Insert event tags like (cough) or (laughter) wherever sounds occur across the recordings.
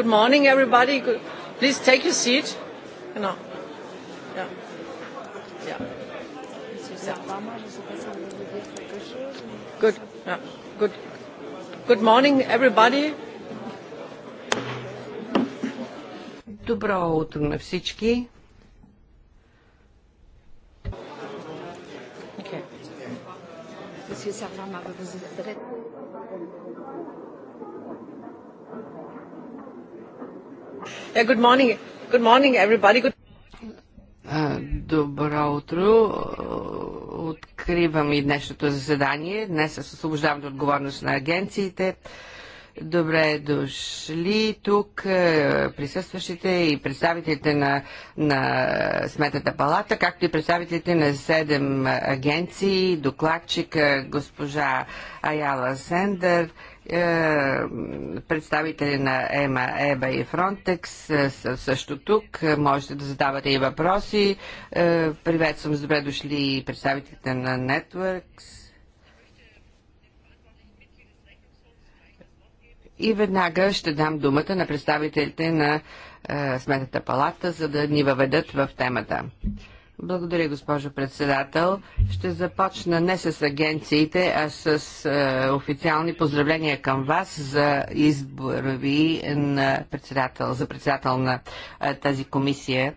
Good morning, everybody. Good. Please take your seat. Genau. Ja. Ja. Good. Ja. Good. Good morning, everybody. Добро утро на всички. Okay. Yeah, good morning. Good morning, everybody. Good... Добро утро. Откривам и днешното заседание. Днес се освобождавам от отговорност на агенциите. Добре дошли тук е, присъстващите и представителите на, на Сметната палата, както и представителите на седем агенции, докладчика госпожа Аяла Сендър, е, представители на ЕМА, ЕБА и Фронтекс е, са също тук. Можете да задавате и въпроси. Е, приветствам с добре дошли представителите на Networks. И веднага ще дам думата на представителите на Сметната палата, за да ни въведат в темата. Благодаря, госпожо председател. Ще започна не с агенциите, а с е, официални поздравления към вас за избора ви на председател, за председател на е, тази комисия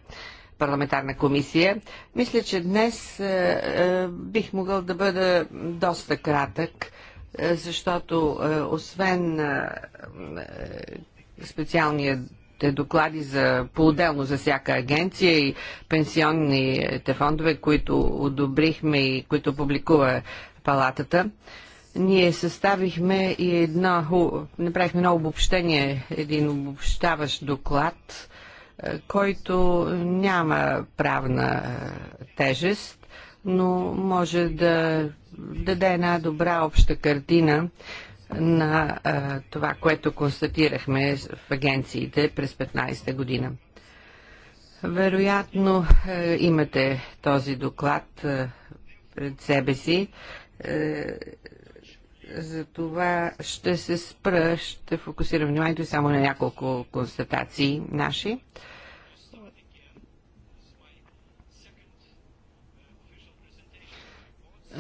парламентарна комисия. Мисля, че днес е, е, бих могъл да бъда доста кратък, е, защото е, освен е, е специалния имате доклади за, по-отделно за всяка агенция и пенсионните фондове, които одобрихме и които публикува палатата. Ние съставихме и едно, направихме едно обобщение, един обобщаващ доклад, е, който няма правна е, тежест, но може да даде една добра обща картина на а, това, което констатирахме в агенциите през 15-та година. Вероятно а, е, имате този доклад а, е, пред себе си. А, е, за това ще се спра, ще фокусирам вниманието само на няколко констатации наши. А,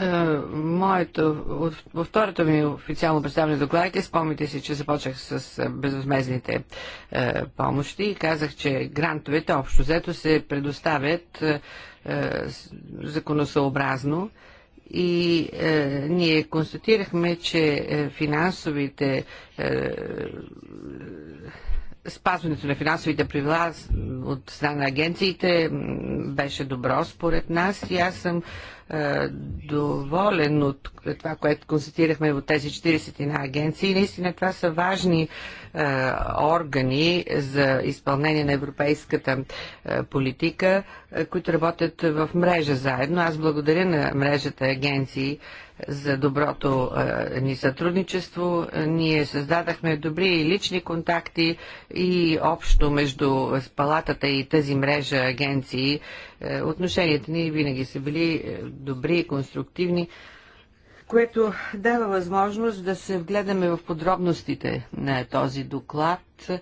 Е, моето, във второто ми официално представяне докладите, спомните си, че започнах с е, безвъзмезните е, помощи и казах, че грантовете общо взето се предоставят е, е законосъобразно и е, ние констатирахме, че финансовите е, спазването на финансовите правила от страна на агенциите беше добро според нас и аз съм е, доволен от това, което констатирахме от тези 40 агенции. Наистина това са важни е, органи за изпълнение на европейската е, политика, е, които работят в мрежа заедно. Аз благодаря на мрежата агенции за доброто ни сътрудничество. Ние създадахме добри лични контакти и общо между палатата и тази мрежа агенции отношенията ни винаги са били добри и конструктивни което дава възможност да се вгледаме в подробностите на този доклад, е,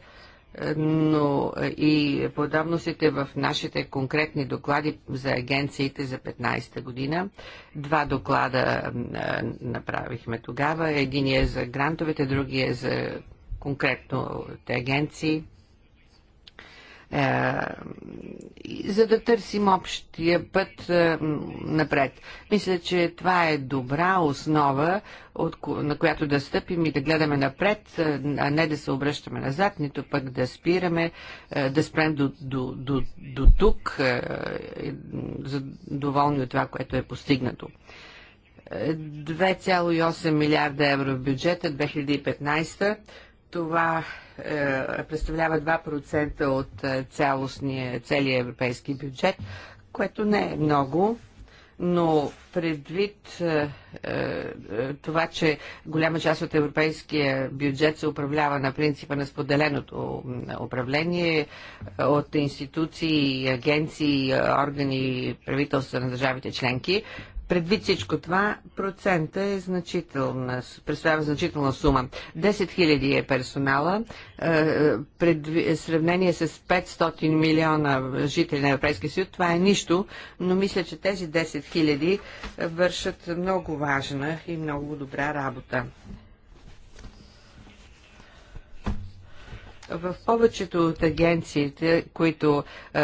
но е, и подробностите в нашите конкретни доклади за агенциите за 15-та година. Два доклада е, направихме тогава. Единият е за грантовете, другия е за конкретно агенции е, за да търсим общия път е, напред. Мисля, че това е добра основа, на която да стъпим и да гледаме напред, е, а не да се обръщаме назад, нито пък да спираме, да спрем до, до, до, до тук, доволни от това, което е постигнато. 2,8 милиарда евро в бюджета 2015. Това е, представлява 2% от е, цялостния, целия европейски бюджет, което не е много, но предвид е, това, че голяма част от европейския бюджет се управлява на принципа на споделеното управление от институции, агенции, органи, правителства на държавите членки, Предвид всичко това, процента е значителна, представя значителна сума. 10 000 е персонала, е, е, пред е, сравнение с 500 милиона жители на Европейския съюз, това е нищо, но мисля, че тези 10 000 вършат много важна и много добра работа. в повечето от агенциите, които е,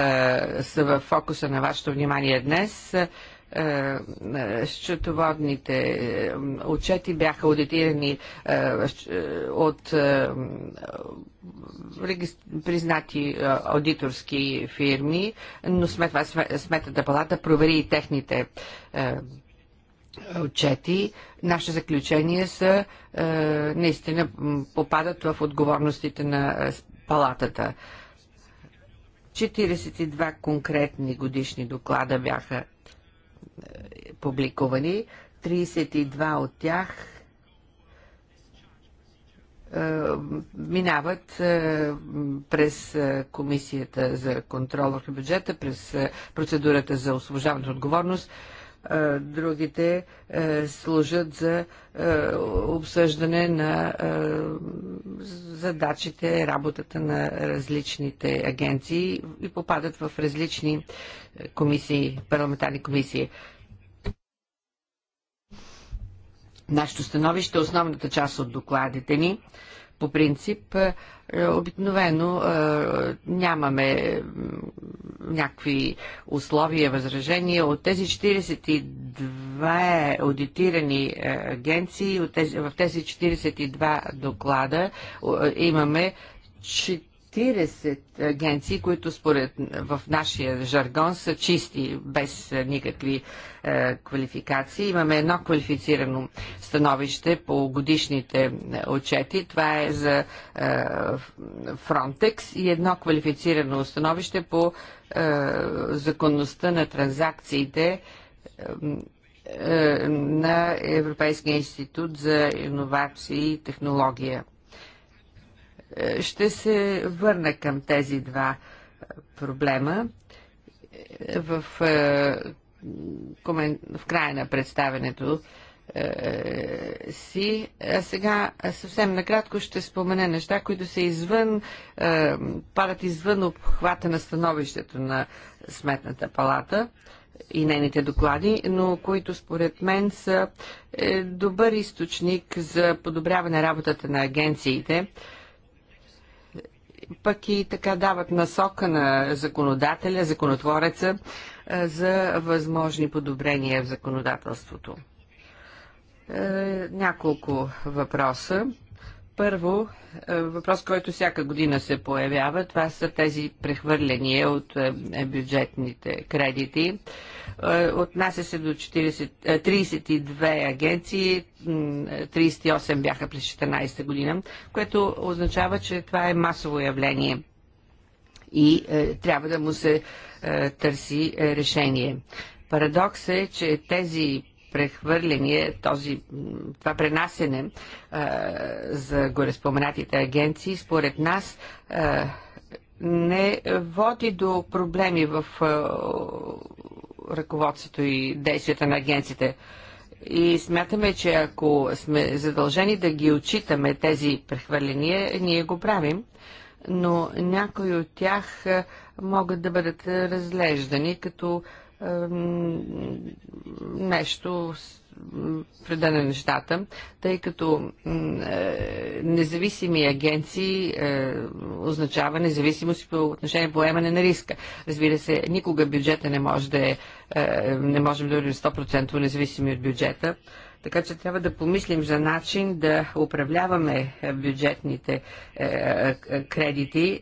са в фокуса на вашето внимание днес, е, е, е, счетоводните е, отчети бяха аудитирани от признати аудиторски фирми, но сметната палата провери и техните отчети. Наши заключения са наистина попадат в отговорностите на палатата. 42 конкретни годишни доклада бяха публикувани. 32 от тях е, минават е, през е, Комисията за контрол върху бюджета, през процедурата за освобождаване от отговорност другите служат за обсъждане на задачите, работата на различните агенции и попадат в различни комисии, парламентарни комисии. Нашето становище, е основната част от докладите ни, по принцип, е, обикновено е, нямаме някакви условия, възражения. От тези 42 аудитирани е, агенции, в тези 42 доклада имаме 40 агенции, които според в нашия жаргон са чисти, без е, никакви е, квалификации. Имаме едно квалифицирано становище по годишните е, отчети. Това е за е, Frontex и едно квалифицирано становище по е, законността на транзакциите е, на Европейския институт за иновации и технология. Ще се върна към тези два е, проблема в, е, в края на представенето е, си. А сега съвсем накратко ще спомена неща, които са извън, падат извън обхвата на становището на Сметната палата и нейните доклади, но които според мен са добър източник за подобряване на работата на агенциите пък и така дават насока на законодателя, законотвореца е, за възможни подобрения в законодателството. Е, няколко въпроса първо, е, въпрос, който всяка година се появява, това са тези прехвърляния от е, бюджетните кредити. Е, отнася се до 40, 32 агенции, 38 бяха през 2014 година, което означава, че това е масово явление и е, трябва да му се е, търси е, решение. Парадокс е, че тези прехвърляне, този, това пренасене за гореспоменатите агенции, според нас не води до проблеми в ръководството и действията на агенците. И смятаме, че ако сме задължени да ги отчитаме тези прехвърления, ние го правим, но някои от тях могат да бъдат разглеждани като нещо преда на нещата, тъй като е, независими агенции е, означава независимост по отношение поемане на риска. Разбира се, никога бюджета не може да е, е не можем да бъдем 100% независими от бюджета. Така че трябва да помислим за начин да управляваме е, бюджетните е, е, кредити,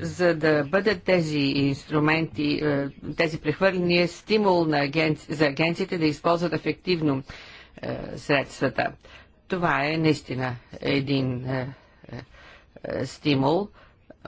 за да бъдат тези инструменти, тези прехвърления стимул на агенци... за агенциите да използват ефективно средствата. Това е наистина един стимул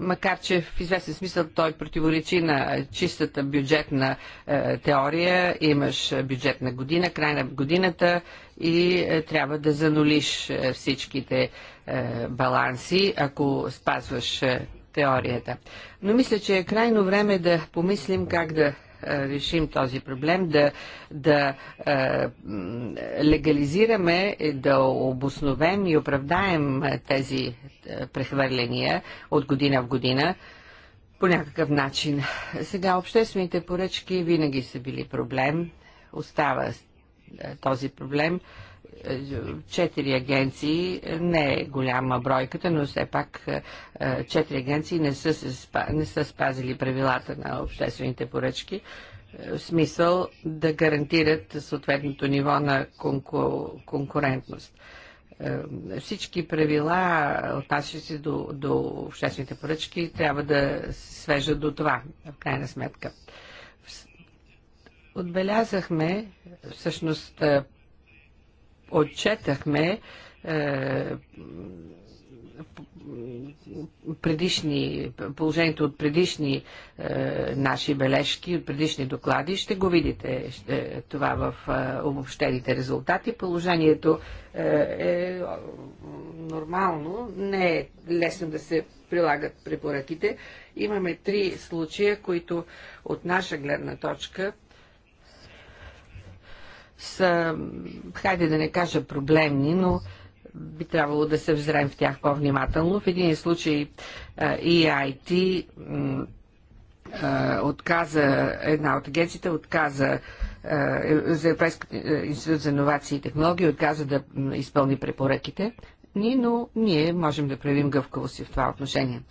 макар че в известен смисъл той противоречи на чистата бюджетна е, теория. Имаш бюджетна година, край на годината и е, трябва да занулиш е, всичките е, баланси, ако спазваш е, теорията. Но мисля, че е крайно време да помислим как да е, решим този проблем, да, да е, легализираме, да обосновем и оправдаем тези е, прехвърления от година в година по някакъв начин. Сега обществените поръчки винаги са били проблем. Остава този проблем четири агенции, не е голяма бройката, но все пак е, е, четири агенции не са, се, не са спазили правилата на обществените поръчки, е, в смисъл да гарантират съответното ниво на конку, конкурентност всички правила, отнасящи се до, до обществените поръчки, трябва да се свежат до това, в крайна сметка. Отбелязахме, всъщност отчетахме е, предишни, положението от предишни е, наши бележки, от предишни доклади. Ще го видите ще, това в е, обобщените резултати. Положението е, е нормално, не е лесно да се прилагат препоръките. Имаме три случая, които от наша гледна точка са, хайде да не кажа проблемни, но би трябвало да се взрем в тях по-внимателно. В един случай EIT отказа, една от агенциите отказа за Европейския институт за инновации и технологии отказа да изпълни препоръките ни, но ние можем да проявим гъвкавост си в това отношение.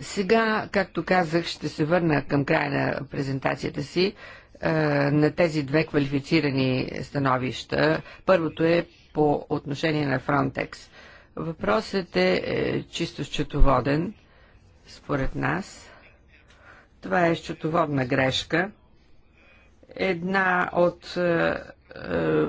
Сега, както казах, ще се върна към края на презентацията си е, на тези две квалифицирани становища. Първото е по отношение на Frontex. Въпросът е, е чисто счетоводен, според нас. Това е счетоводна грешка. Една от е, е,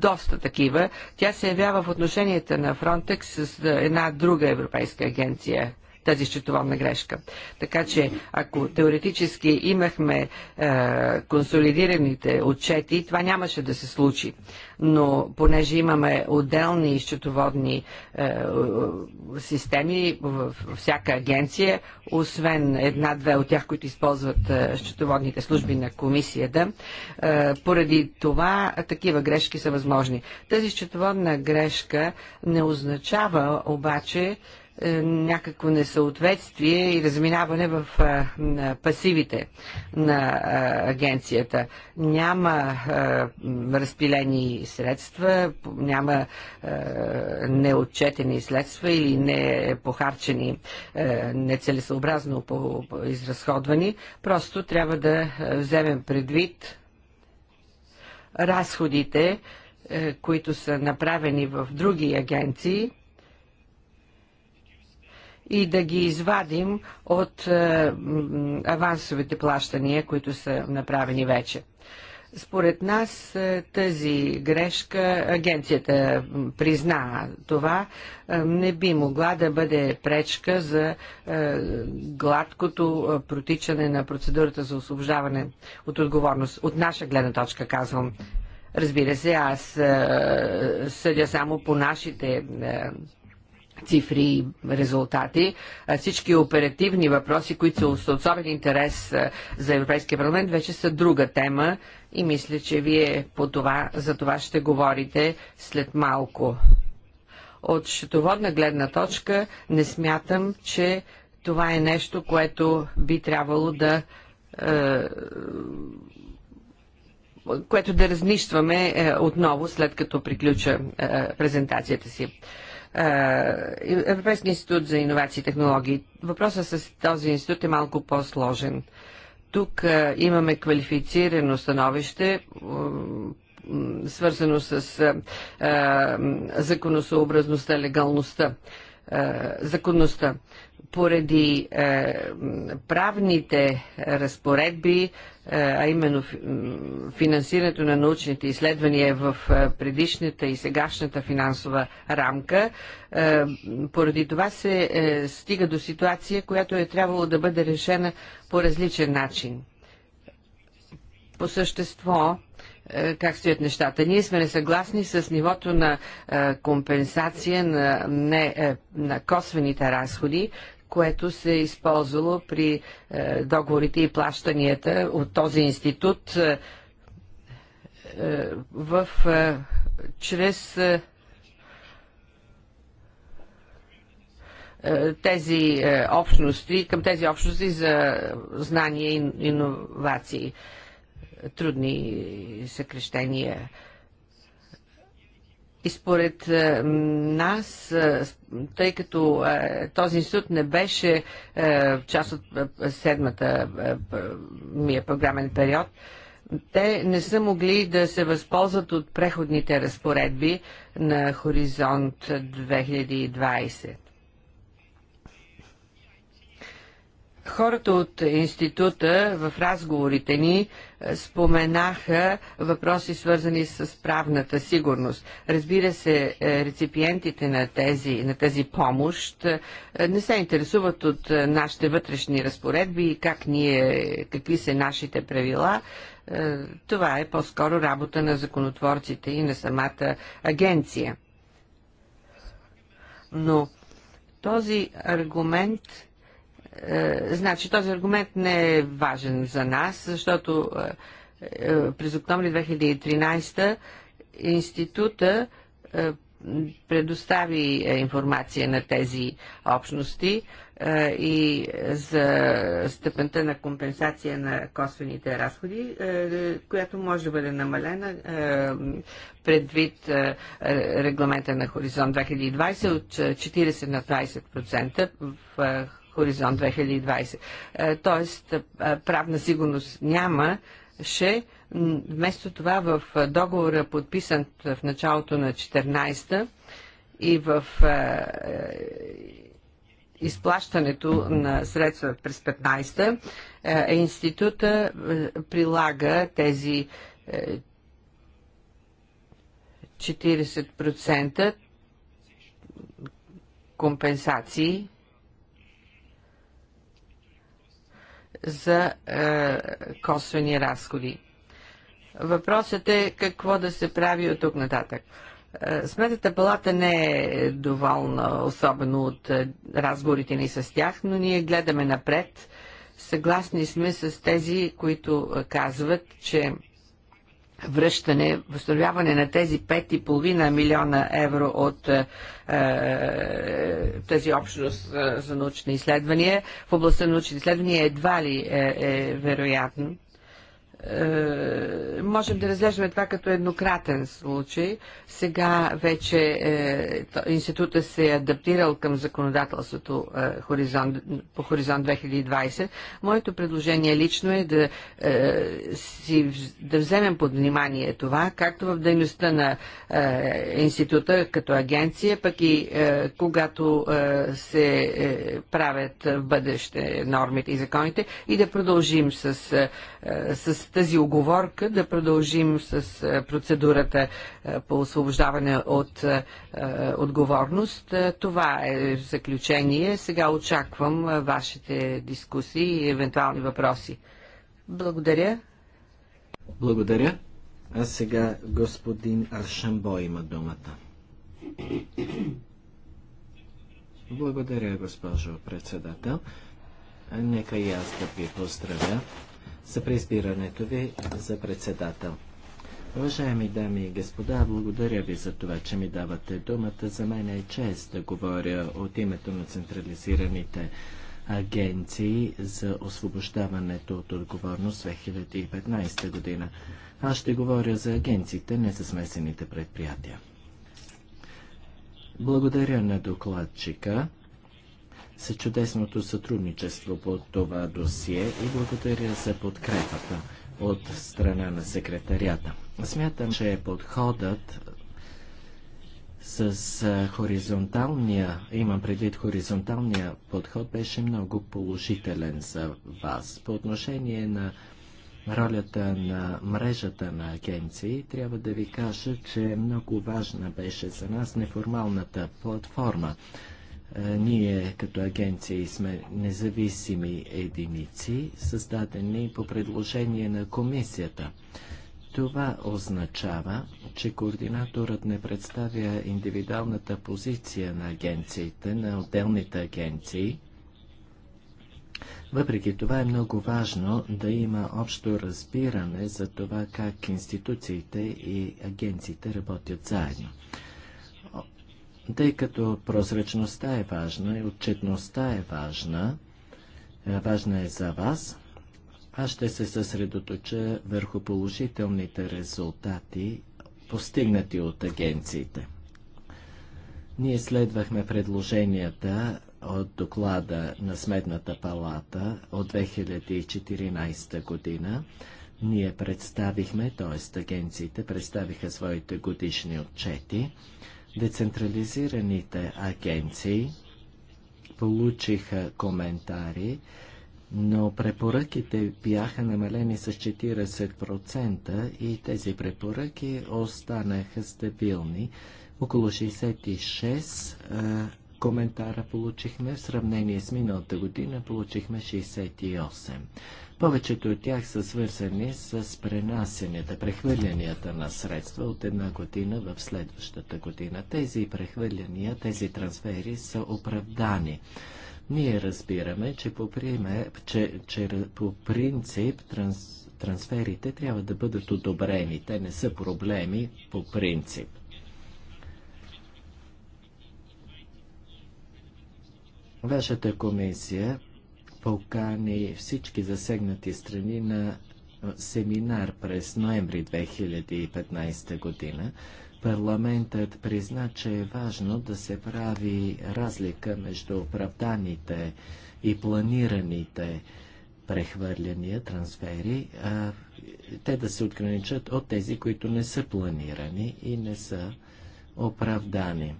доста такива. Тя се явява в отношенията на Фронтекс с е, една друга европейска агенция, тази счетоводна грешка. Така че, ако теоретически имахме е, консолидираните отчети, това нямаше да се случи. Но понеже имаме отделни счетоводни е, системи в всяка агенция, освен една-две от тях, които използват е, счетоводните служби на комисията, е, поради това такива грешки са възможни. Тази счетоводна грешка не означава обаче, е, някакво несъответствие и разминаване в е, пасивите на е, агенцията. Няма разпилени средства, няма неотчетени следства или не похарчени, нецелесообразно изразходвани. Просто трябва да вземем предвид разходите, които са направени в други агенции – и да ги извадим от е, авансовите плащания, които са направени вече. Според нас е, тази грешка агенцията призна това, е, не би могла да бъде пречка за гладкото протичане на процедурата за освобождаване от отговорност. От наша гледна точка казвам. Разбира се, аз съдя само по нашите цифри и резултати. Всички оперативни въпроси, които са от особен интерес за Европейския парламент, вече са друга тема и мисля, че вие по това, за това ще говорите след малко. От счетоводна гледна точка не смятам, че това е нещо, което би трябвало да е, което да разнищваме е, отново, след като приключа е, презентацията си. Европейския институт за иновации и технологии. Въпросът с този институт е малко по-сложен. Тук имаме квалифицирано становище, свързано с законосъобразността, легалността, законността поради е, правните разпоредби е, а именно финансирането на научните изследвания в е, предишната и сегашната финансова рамка. Е, поради това се стига до ситуация, която е трябвало да бъде решена по различен начин. По същество, как стоят нещата. Ние сме несъгласни с нивото на компенсация на, не, на косвените разходи, което се е използвало при е, договорите и плащанията от този институт е, е, в чрез тези общности, към тези общности за знания и иновации. Трудни съкрещения и според е, нас, е, тъй като е, този институт не беше част от седмата мия програмен период, те не са могли да се възползват от преходните разпоредби на Хоризонт 2020. Хората от института в разговорите ни е, споменаха въпроси свързани с правната сигурност. Разбира се, е, реципиентите на, тези, на тази помощ е, не се интересуват от нашите вътрешни разпоредби и как ние, какви са нашите правила. Това е по-скоро работа на законотворците и на самата агенция. Но този аргумент е, значи този аргумент не е важен за нас, защото е, е, през октомври 2013 института предостави информация на тези общности и за степента на компенсация на косвените разходи, която може да бъде намалена предвид регламента на Хоризонт 2020 от 40 на 20% в Хоризонт 2020. Е, тоест, е, е, правна сигурност нямаше. Вместо това в договора, подписан в началото на 14-та и в изплащането на средства през 15-та, института прилага тези 40% компенсации за е, косвени разходи. Въпросът е какво да се прави от тук нататък. Е, Сметата палата не е доволна, особено от е, разговорите ни с тях, но ние гледаме напред. Съгласни сме с тези, които е, казват, че връщане, възстановяване на тези 5,5 милиона евро от е, е тази общност е, за научни изследвания в областта на научни изследвания едва ли е, е вероятно. Е, можем да разглеждаме това като еднократен случай. Сега вече е, института се е адаптирал към законодателството е, хоризонт, по Хоризонт 2020. Моето предложение лично е да, е, си, да вземем под внимание това, както в дейността на е, института като агенция, пък и е, когато е, се е, правят в бъдеще нормите и законите и да продължим с, е, е с с тази оговорка да продължим с е, процедурата е, по освобождаване от е, отговорност. Това е заключение. Сега очаквам вашите дискусии и евентуални въпроси. Благодаря. Благодаря. А сега господин Аршамбо има думата. Благодаря, госпожо председател. Нека и аз да ви поздравя за преизбирането ви за председател. Уважаеми дами и господа, благодаря ви за това, че ми давате думата. За мен е чест да говоря от името на централизираните агенции за освобождаването от отговорност 2015 година. Аз ще говоря за агенциите, не за смесените предприятия. Благодаря на докладчика с чудесното сътрудничество по това досие и благодаря за подкрепата от страна на секретарията. Смятам, че подходът с хоризонталния, имам предвид хоризонталния подход, беше много положителен за вас. По отношение на ролята на мрежата на агенции, трябва да ви кажа, че много важна беше за нас неформалната платформа. Е, ние като агенции сме независими единици, създадени по предложение на комисията. Това означава, че координаторът не представя индивидуалната позиция на агенциите, на отделните агенции. Въпреки това е много важно да има общо разбиране за това как институциите и агенциите работят заедно. Тъй като прозрачността е важна и отчетността е важна, е, важна е за вас, аз ще се съсредоточа върху положителните резултати, постигнати от агенциите. Ние следвахме предложенията от доклада на Сметната палата от 2014 година. Ние представихме, т.е. агенциите представиха своите годишни отчети. Децентрализираните агенции получиха коментари, но препоръките бяха намалени с 40% и тези препоръки останаха стабилни. Около 66 коментара получихме в сравнение с миналата година, получихме 68. Повечето от тях са свързани с пренасенията, прехвърлянията на средства от една година в следващата година. Тези прехвърляния, тези трансфери са оправдани. Ние разбираме, че по, приеме, че, че по принцип транс, трансферите трябва да бъдат одобрени. Те не са проблеми по принцип. Вашата комисия покани всички засегнати страни на семинар през ноември 2015 година. Парламентът призна, че е важно да се прави разлика между оправданите и планираните прехвърляния, трансфери, а те да се отграничат от тези, които не са планирани и не са оправдани.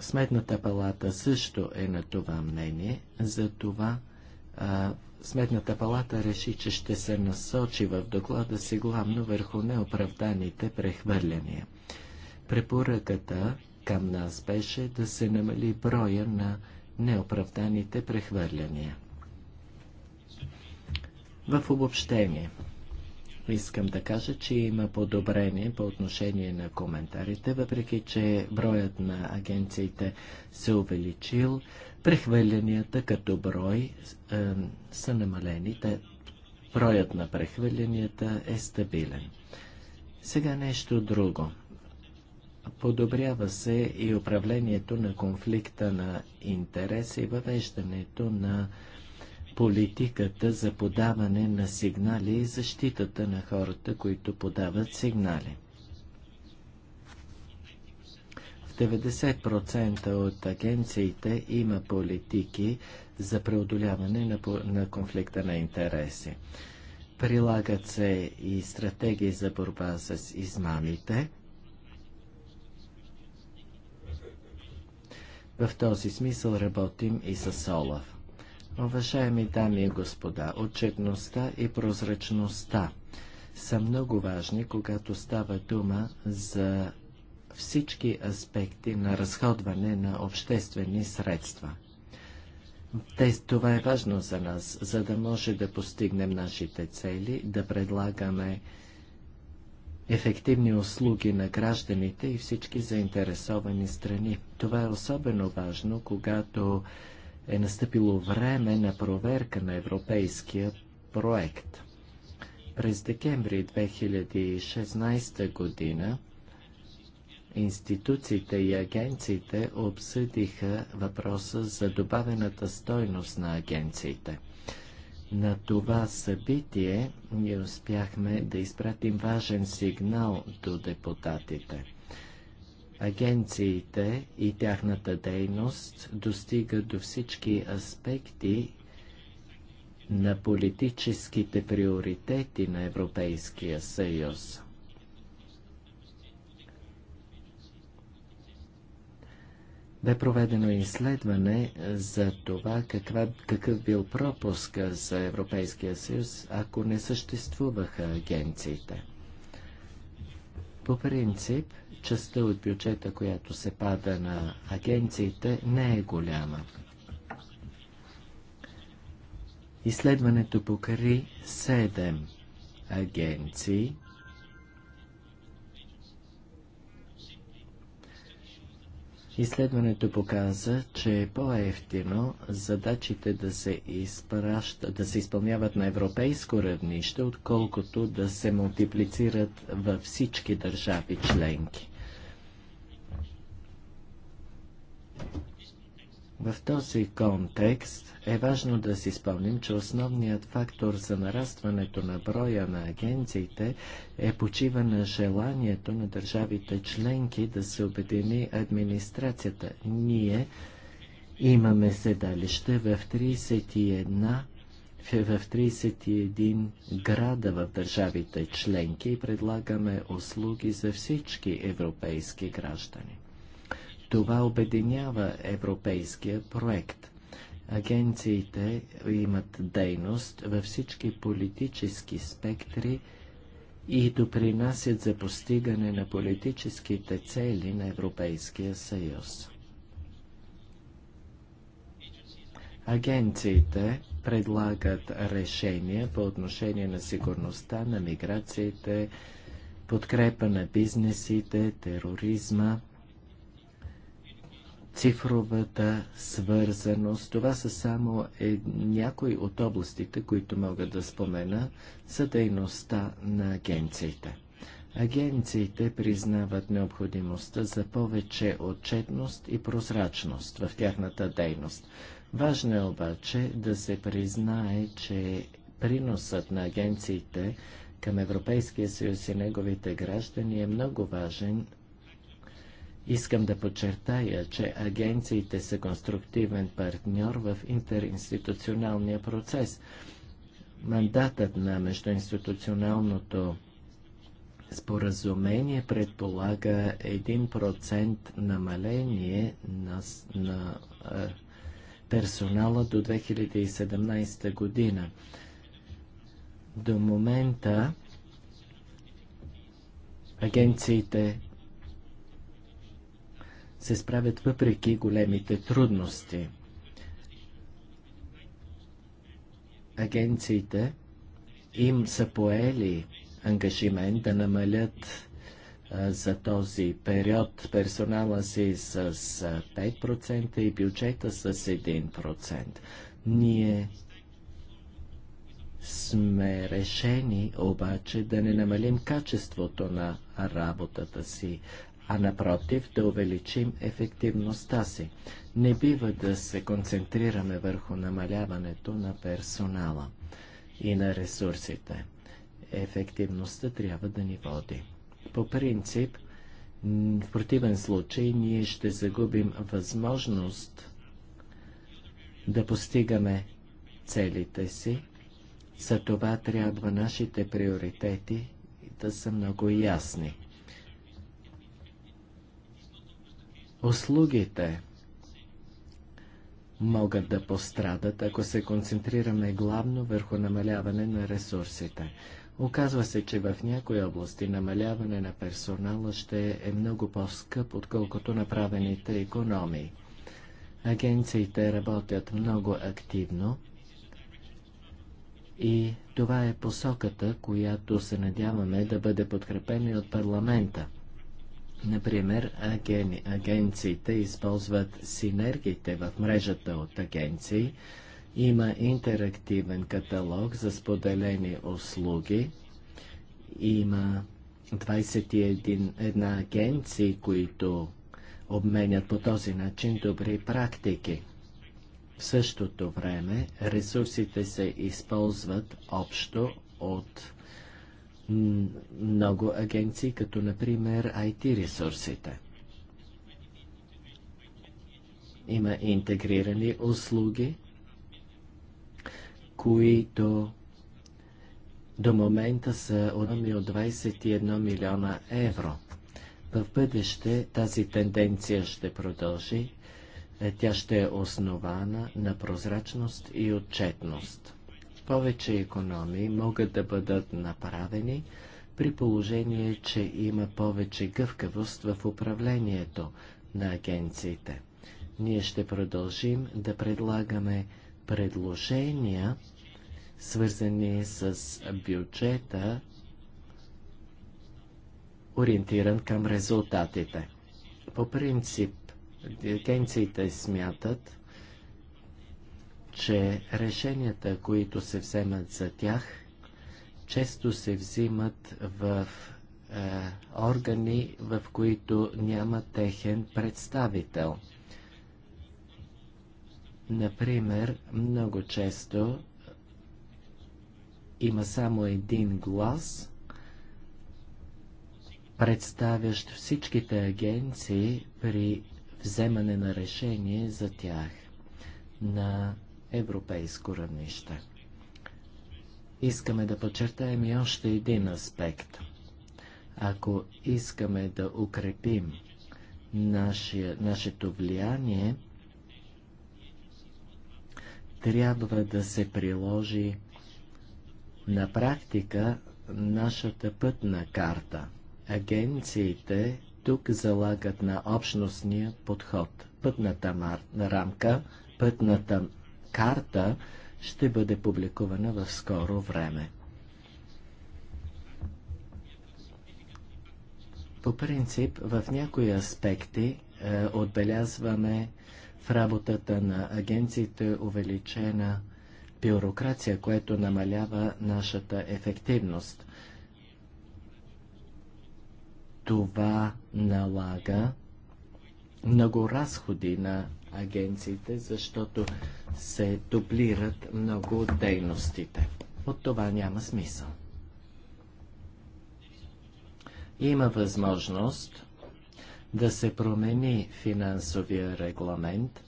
Сметната палата също е на това мнение, за това а, Сметната палата реши, че ще се насочи в доклада си главно върху неоправданите прехвърляния. Препоръката към нас беше да се намали броя на неоправданите прехвърляния. В обобщение – Искам да кажа, че има подобрение по отношение на коментарите, въпреки че броят на агенциите се увеличил, прехвърлянията като брой е, са намалени. Те, броят на прехвърлянията е стабилен. Сега нещо друго. Подобрява се и управлението на конфликта на интереси и въвеждането на политиката за подаване на сигнали и защитата на хората, които подават сигнали. В 90% от агенциите има политики за преодоляване на, на конфликта на интереси. Прилагат се и стратегии за борба с измамите. В този смисъл работим и с Олаф. Уважаеми дами и господа, отчетността и прозрачността са много важни, когато става дума за всички аспекти на разходване на обществени средства. това е важно за нас, за да може да постигнем нашите цели, да предлагаме ефективни услуги на гражданите и всички заинтересовани страни. Това е особено важно, когато е настъпило време на проверка на европейския проект. През декември 2016 година институциите и агенциите обсъдиха въпроса за добавената стойност на агенциите. На това събитие ние успяхме да изпратим важен сигнал до депутатите – Агенциите и тяхната дейност достига до всички аспекти на политическите приоритети на Европейския съюз. Бе проведено изследване за това каква, какъв бил пропуска за Европейския съюз, ако не съществуваха агенциите. По принцип, частта от бюджета, която се пада на агенциите, не е голяма. Изследването покри 7 агенции. Изследването показа, че е по-ефтино задачите да се, изпраща, да се изпълняват на европейско равнище, отколкото да се мултиплицират във всички държави членки. В този контекст е важно да си спомним, че основният фактор за нарастването на броя на агенциите е почива на желанието на държавите членки да се обедини администрацията. Ние имаме седалище в 31 в 31 града в държавите членки и предлагаме услуги за всички европейски граждани. Това обединява европейския проект. Агенциите имат дейност във всички политически спектри и допринасят за постигане на политическите цели на Европейския съюз. Агенциите предлагат решения по отношение на сигурността, на миграциите, подкрепа на бизнесите, тероризма цифровата свързаност. Това са само е, някои от областите, които мога да спомена за дейността на агенциите. Агенциите признават необходимостта за повече отчетност и прозрачност в тяхната дейност. Важно е обаче да се признае, че приносът на агенциите към Европейския съюз и неговите граждани е много важен Искам да подчертая, че агенциите са конструктивен партньор в интеринституционалния процес. Мандатът на междуинституционалното споразумение предполага 1% намаление на, на е, персонала до 2017 година. До момента агенциите се справят въпреки големите трудности. Агенциите им са поели ангажимент да намалят за този период персонала си с 5% и бюджета с 1%. Ние сме решени обаче да не намалим качеството на работата си а напротив да увеличим ефективността си. Не бива да се концентрираме върху намаляването на персонала и на ресурсите. Ефективността трябва да ни води. По принцип, в противен случай ние ще загубим възможност да постигаме целите си, за това трябва нашите приоритети да са много ясни. Услугите могат да пострадат, ако се концентрираме главно върху намаляване на ресурсите. Оказва се, че в някои области намаляване на персонала ще е много по-скъп, отколкото направените економии. Агенциите работят много активно и това е посоката, която се надяваме да бъде подкрепена от парламента – Например, аген... агенциите използват синергиите в мрежата от агенции. Има интерактивен каталог за споделени услуги. Има 21 агенции, които обменят по този начин добри практики. В същото време ресурсите се използват общо от много агенции, като например IT ресурсите. Има интегрирани услуги, които до момента са отми от 21 милиона евро. В бъдеще тази тенденция ще продължи. Тя ще е основана на прозрачност и отчетност повече економии могат да бъдат направени при положение, че има повече гъвкавост в управлението на агенциите. Ние ще продължим да предлагаме предложения, свързани с бюджета, ориентиран към резултатите. По принцип, агенциите смятат, че решенията, които се вземат за тях, често се взимат в е, органи, в които няма техен представител. Например, много често има само един глас, представящ всичките агенции при вземане на решение за тях. На европейско равнище. Искаме да подчертаем и още един аспект. Ако искаме да укрепим нашия, нашето влияние, трябва да се приложи на практика нашата пътна карта. Агенциите тук залагат на общностния подход. Пътната рамка, пътната карта ще бъде публикувана в скоро време. По принцип, в някои аспекти е, отбелязваме в работата на агенциите увеличена бюрокрация, което намалява нашата ефективност. Това налага много разходи на агенциите, защото се дублират много от дейностите. От това няма смисъл. Има възможност да се промени финансовия регламент,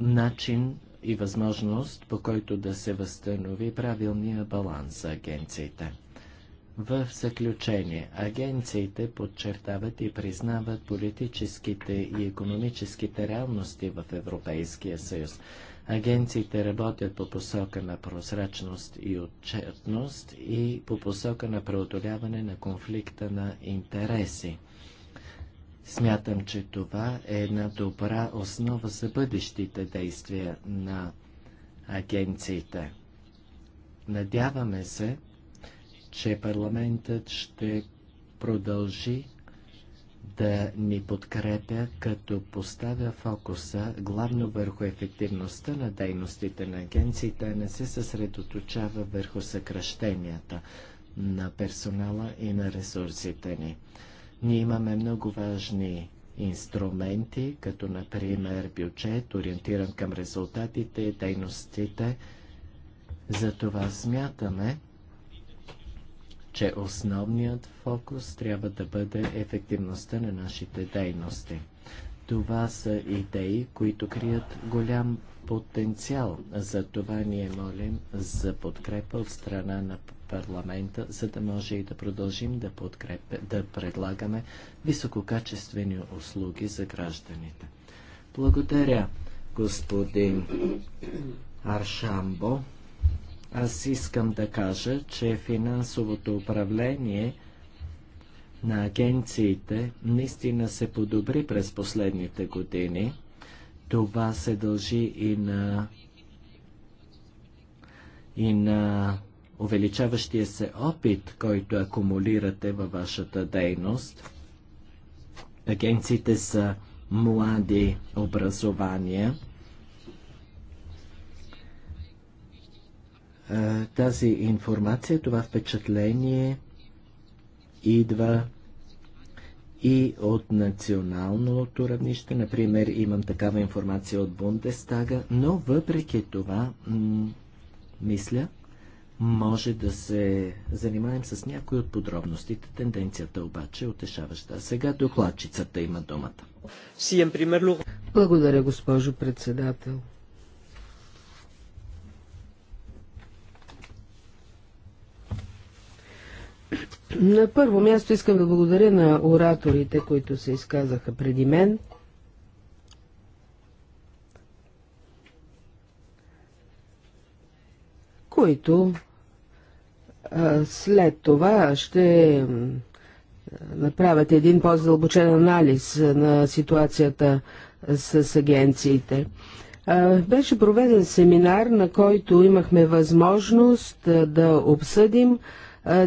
начин и възможност, по който да се възстанови правилния баланс за агенциите. В заключение, агенциите подчертават и признават политическите и економическите реалности в Европейския съюз. Агенциите работят по посока на прозрачност и отчетност и по посока на преодоляване на конфликта на интереси. Смятам, че това е една добра основа за бъдещите действия на агенциите. Надяваме се, че парламентът ще продължи да ни подкрепя, като поставя фокуса главно върху ефективността на дейностите на агенциите, не се съсредоточава върху съкръщенията на персонала и на ресурсите ни. Ние имаме много важни инструменти, като например бюджет, ориентиран към резултатите и дейностите. За това смятаме, че основният фокус трябва да бъде ефективността на нашите дейности. Това са идеи, които крият голям потенциал. За това ние молим за подкрепа от страна на парламента, за да може и да продължим да, подкреп... да предлагаме висококачествени услуги за гражданите. Благодаря, господин Аршамбо. Аз искам да кажа, че финансовото управление на агенциите наистина се подобри през последните години. Това се дължи и на, и на увеличаващия се опит, който акумулирате във вашата дейност. Агенциите са млади образования – тази информация, това впечатление идва и от националното равнище. Например, имам такава информация от Бундестага, но въпреки това, мисля, може да се занимаем с някои от подробностите. Тенденцията обаче е утешаваща. Сега докладчицата има думата. Благодаря, госпожо председател. На първо място искам да благодаря на ораторите, които се изказаха преди мен. които след това ще направят един по-задълбочен анализ на ситуацията с агенциите. Беше проведен семинар, на който имахме възможност да обсъдим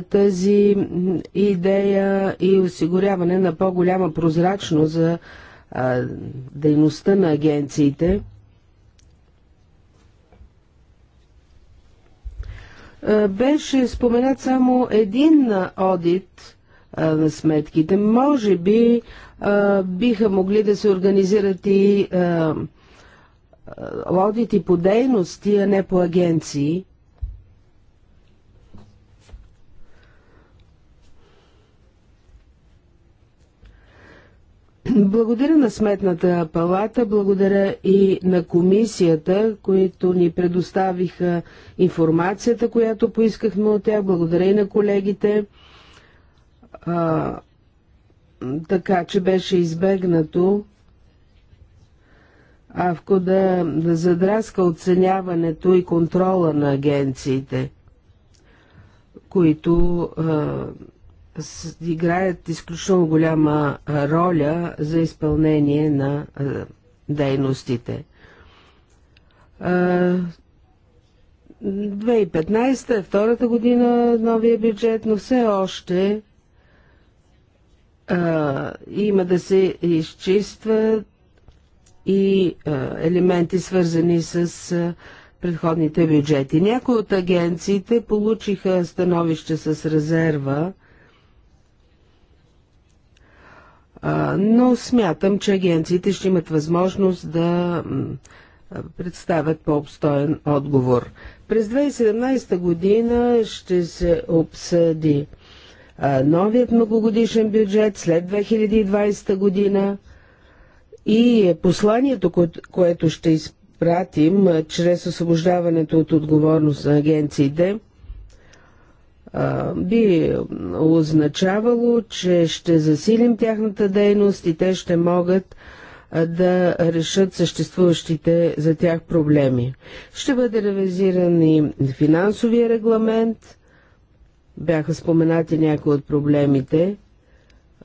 тази идея и осигуряване на по-голяма прозрачност за дейността на агенциите. Беше споменат само един одит на сметките. Може би биха могли да се организират и одити по дейности, а не по агенции. Благодаря на Сметната палата, благодаря и на комисията, които ни предоставиха информацията, която поискахме от тях, благодаря и на колегите. А, така че беше избегнато Авко да, да задраска оценяването и контрола на агенциите, които а, играят изключително голяма роля за изпълнение на дейностите. 2015 е втората година новия бюджет, но все още а, има да се изчистват и а, елементи свързани с а, предходните бюджети. Някои от агенциите получиха становище с резерва но смятам, че агенциите ще имат възможност да представят по-обстоен отговор. През 2017 година ще се обсъди новият многогодишен бюджет след 2020 година и е посланието, което ще изпратим чрез освобождаването от отговорност на агенциите, би означавало, че ще засилим тяхната дейност и те ще могат да решат съществуващите за тях проблеми. Ще бъде ревизиран и финансовия регламент. Бяха споменати някои от проблемите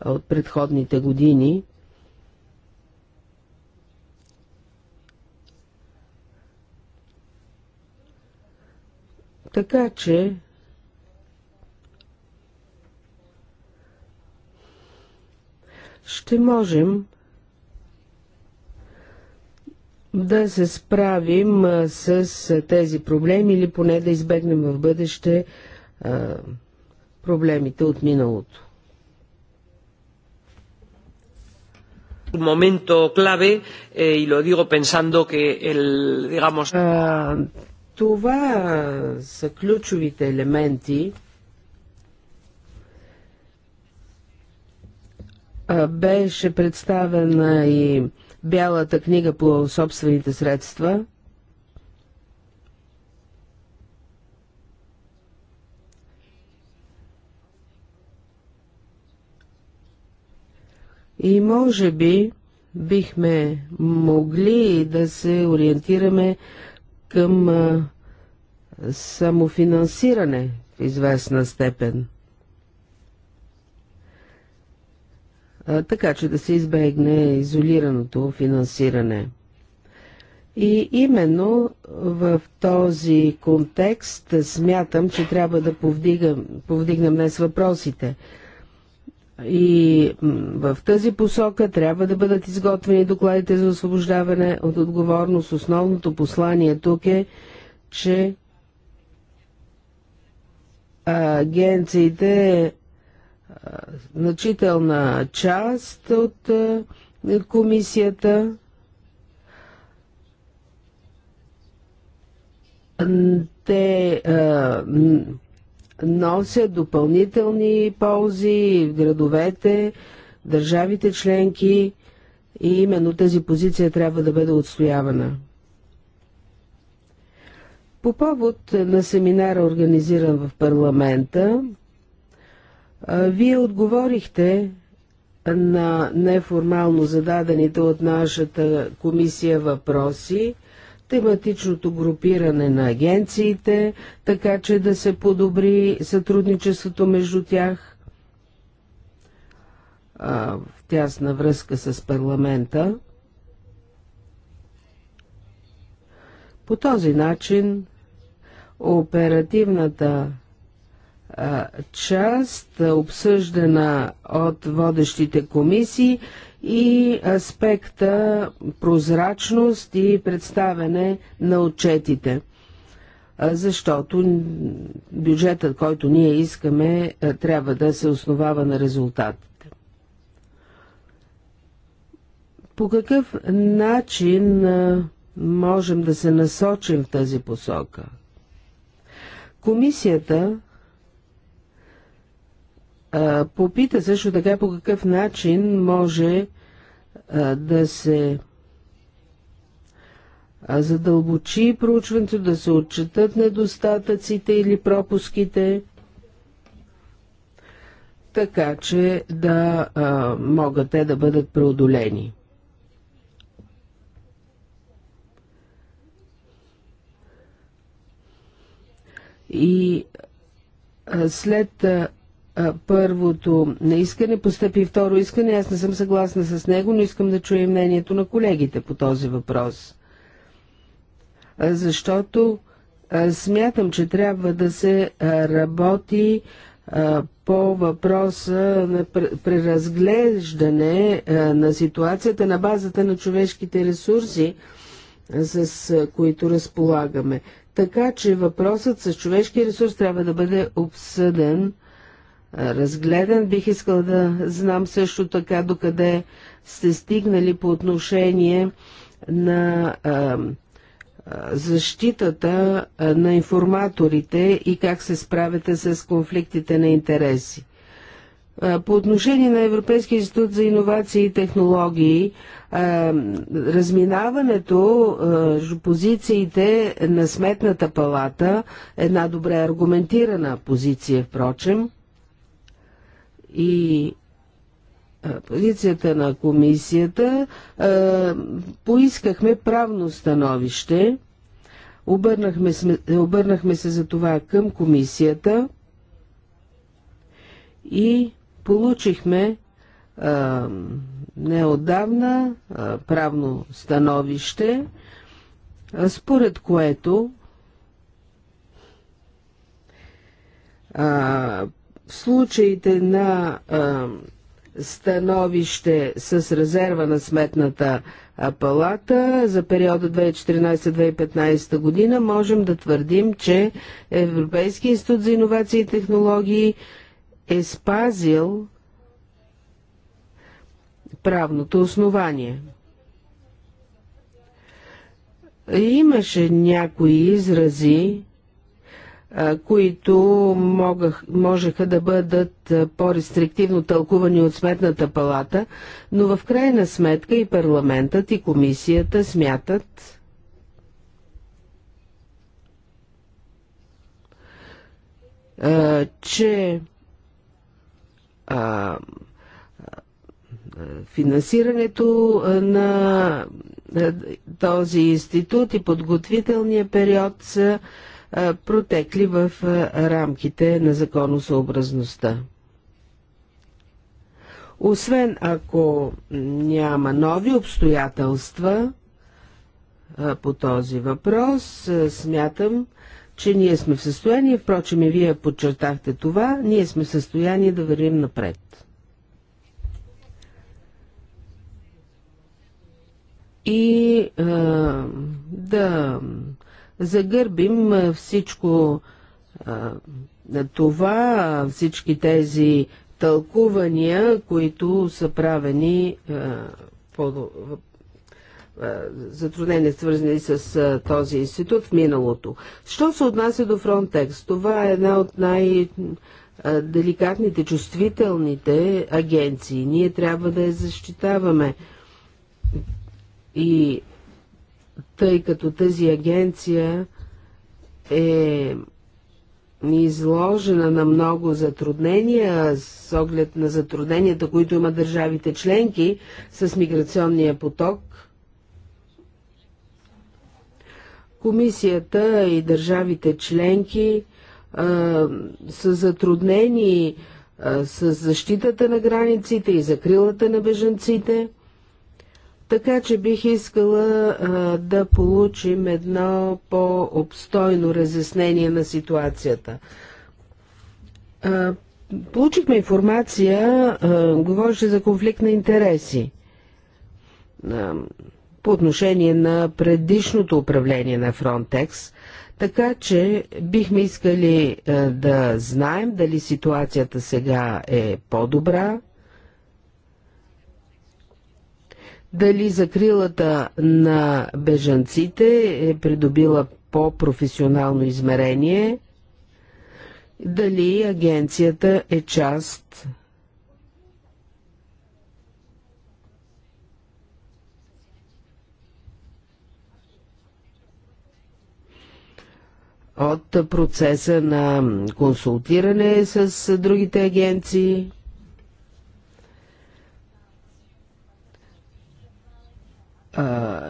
от предходните години. Така че ще можем да се справим с тези проблеми или поне да избегнем в бъдеще проблемите от миналото. momento clave eh, y lo digo pensando que el digamos uh, това са ключовите елементи беше представена и Бялата книга по собствените средства. И може би бихме могли да се ориентираме към самофинансиране в известна степен. така че да се избегне изолираното финансиране. И именно в този контекст смятам, че трябва да повдигам, повдигнем днес въпросите. И в тази посока трябва да бъдат изготвени докладите за освобождаване от отговорност. Основното послание тук е, че агенциите значителна част от комисията. Те носят допълнителни ползи в градовете, държавите членки и именно тази позиция трябва да бъде отстоявана. По повод на семинара, организиран в парламента, вие отговорихте на неформално зададените от нашата комисия въпроси, тематичното групиране на агенциите, така че да се подобри сътрудничеството между тях в тясна връзка с парламента. По този начин оперативната част, обсъждана от водещите комисии и аспекта прозрачност и представяне на отчетите. Защото бюджетът, който ние искаме, трябва да се основава на резултатите. По какъв начин можем да се насочим в тази посока? Комисията Попита също така по какъв начин може да се задълбочи проучването, да се отчетат недостатъците или пропуските, така че да могат те да бъдат преодолени. И след първото на искане, постъпи второ искане. Аз не съм съгласна с него, но искам да чуя мнението на колегите по този въпрос. Защото смятам, че трябва да се работи по въпроса на преразглеждане на ситуацията на базата на човешките ресурси, с които разполагаме. Така че въпросът с човешки ресурс трябва да бъде обсъден разгледан. Бих искал да знам също така докъде сте стигнали по отношение на а, защитата на информаторите и как се справяте с конфликтите на интереси. По отношение на Европейския институт за иновации и технологии, разминаването, позициите на Сметната палата, една добре аргументирана позиция, впрочем, и позицията на комисията поискахме правно становище. Обърнахме, обърнахме се за това към комисията и получихме неодавна правно становище, според което в случаите на а, становище с резерва на сметната палата за периода 2014-2015 година можем да твърдим, че Европейски институт за иновации и технологии е спазил правното основание. Имаше някои изрази, които могах, можеха да бъдат по-рестриктивно тълкувани от Сметната палата, но в крайна сметка и парламентът и комисията смятат, че а, финансирането на този институт и подготвителния период са протекли в рамките на законосъобразността. Освен ако няма нови обстоятелства по този въпрос, смятам, че ние сме в състояние, впрочем и вие подчертахте това, ние сме в състояние да вървим напред. И а, да загърбим всичко това, всички тези тълкувания, които са правени по затруднения, свързани с а, този институт в миналото. Що се отнася до фронтекс, Това е една от най- деликатните, чувствителните агенции. Ние трябва да я защитаваме. И тъй като тази агенция е изложена на много затруднения с оглед на затрудненията, които има държавите членки с миграционния поток. Комисията и държавите членки а, са затруднени а, с защитата на границите и закрилата на бежанците – така че бих искала а, да получим едно по-обстойно разяснение на ситуацията. А, получихме информация, говореше за конфликт на интереси а, по отношение на предишното управление на Фронтекс, така че бихме искали а, да знаем дали ситуацията сега е по-добра дали закрилата на бежанците е придобила по-професионално измерение, дали агенцията е част от процеса на консултиране с другите агенции.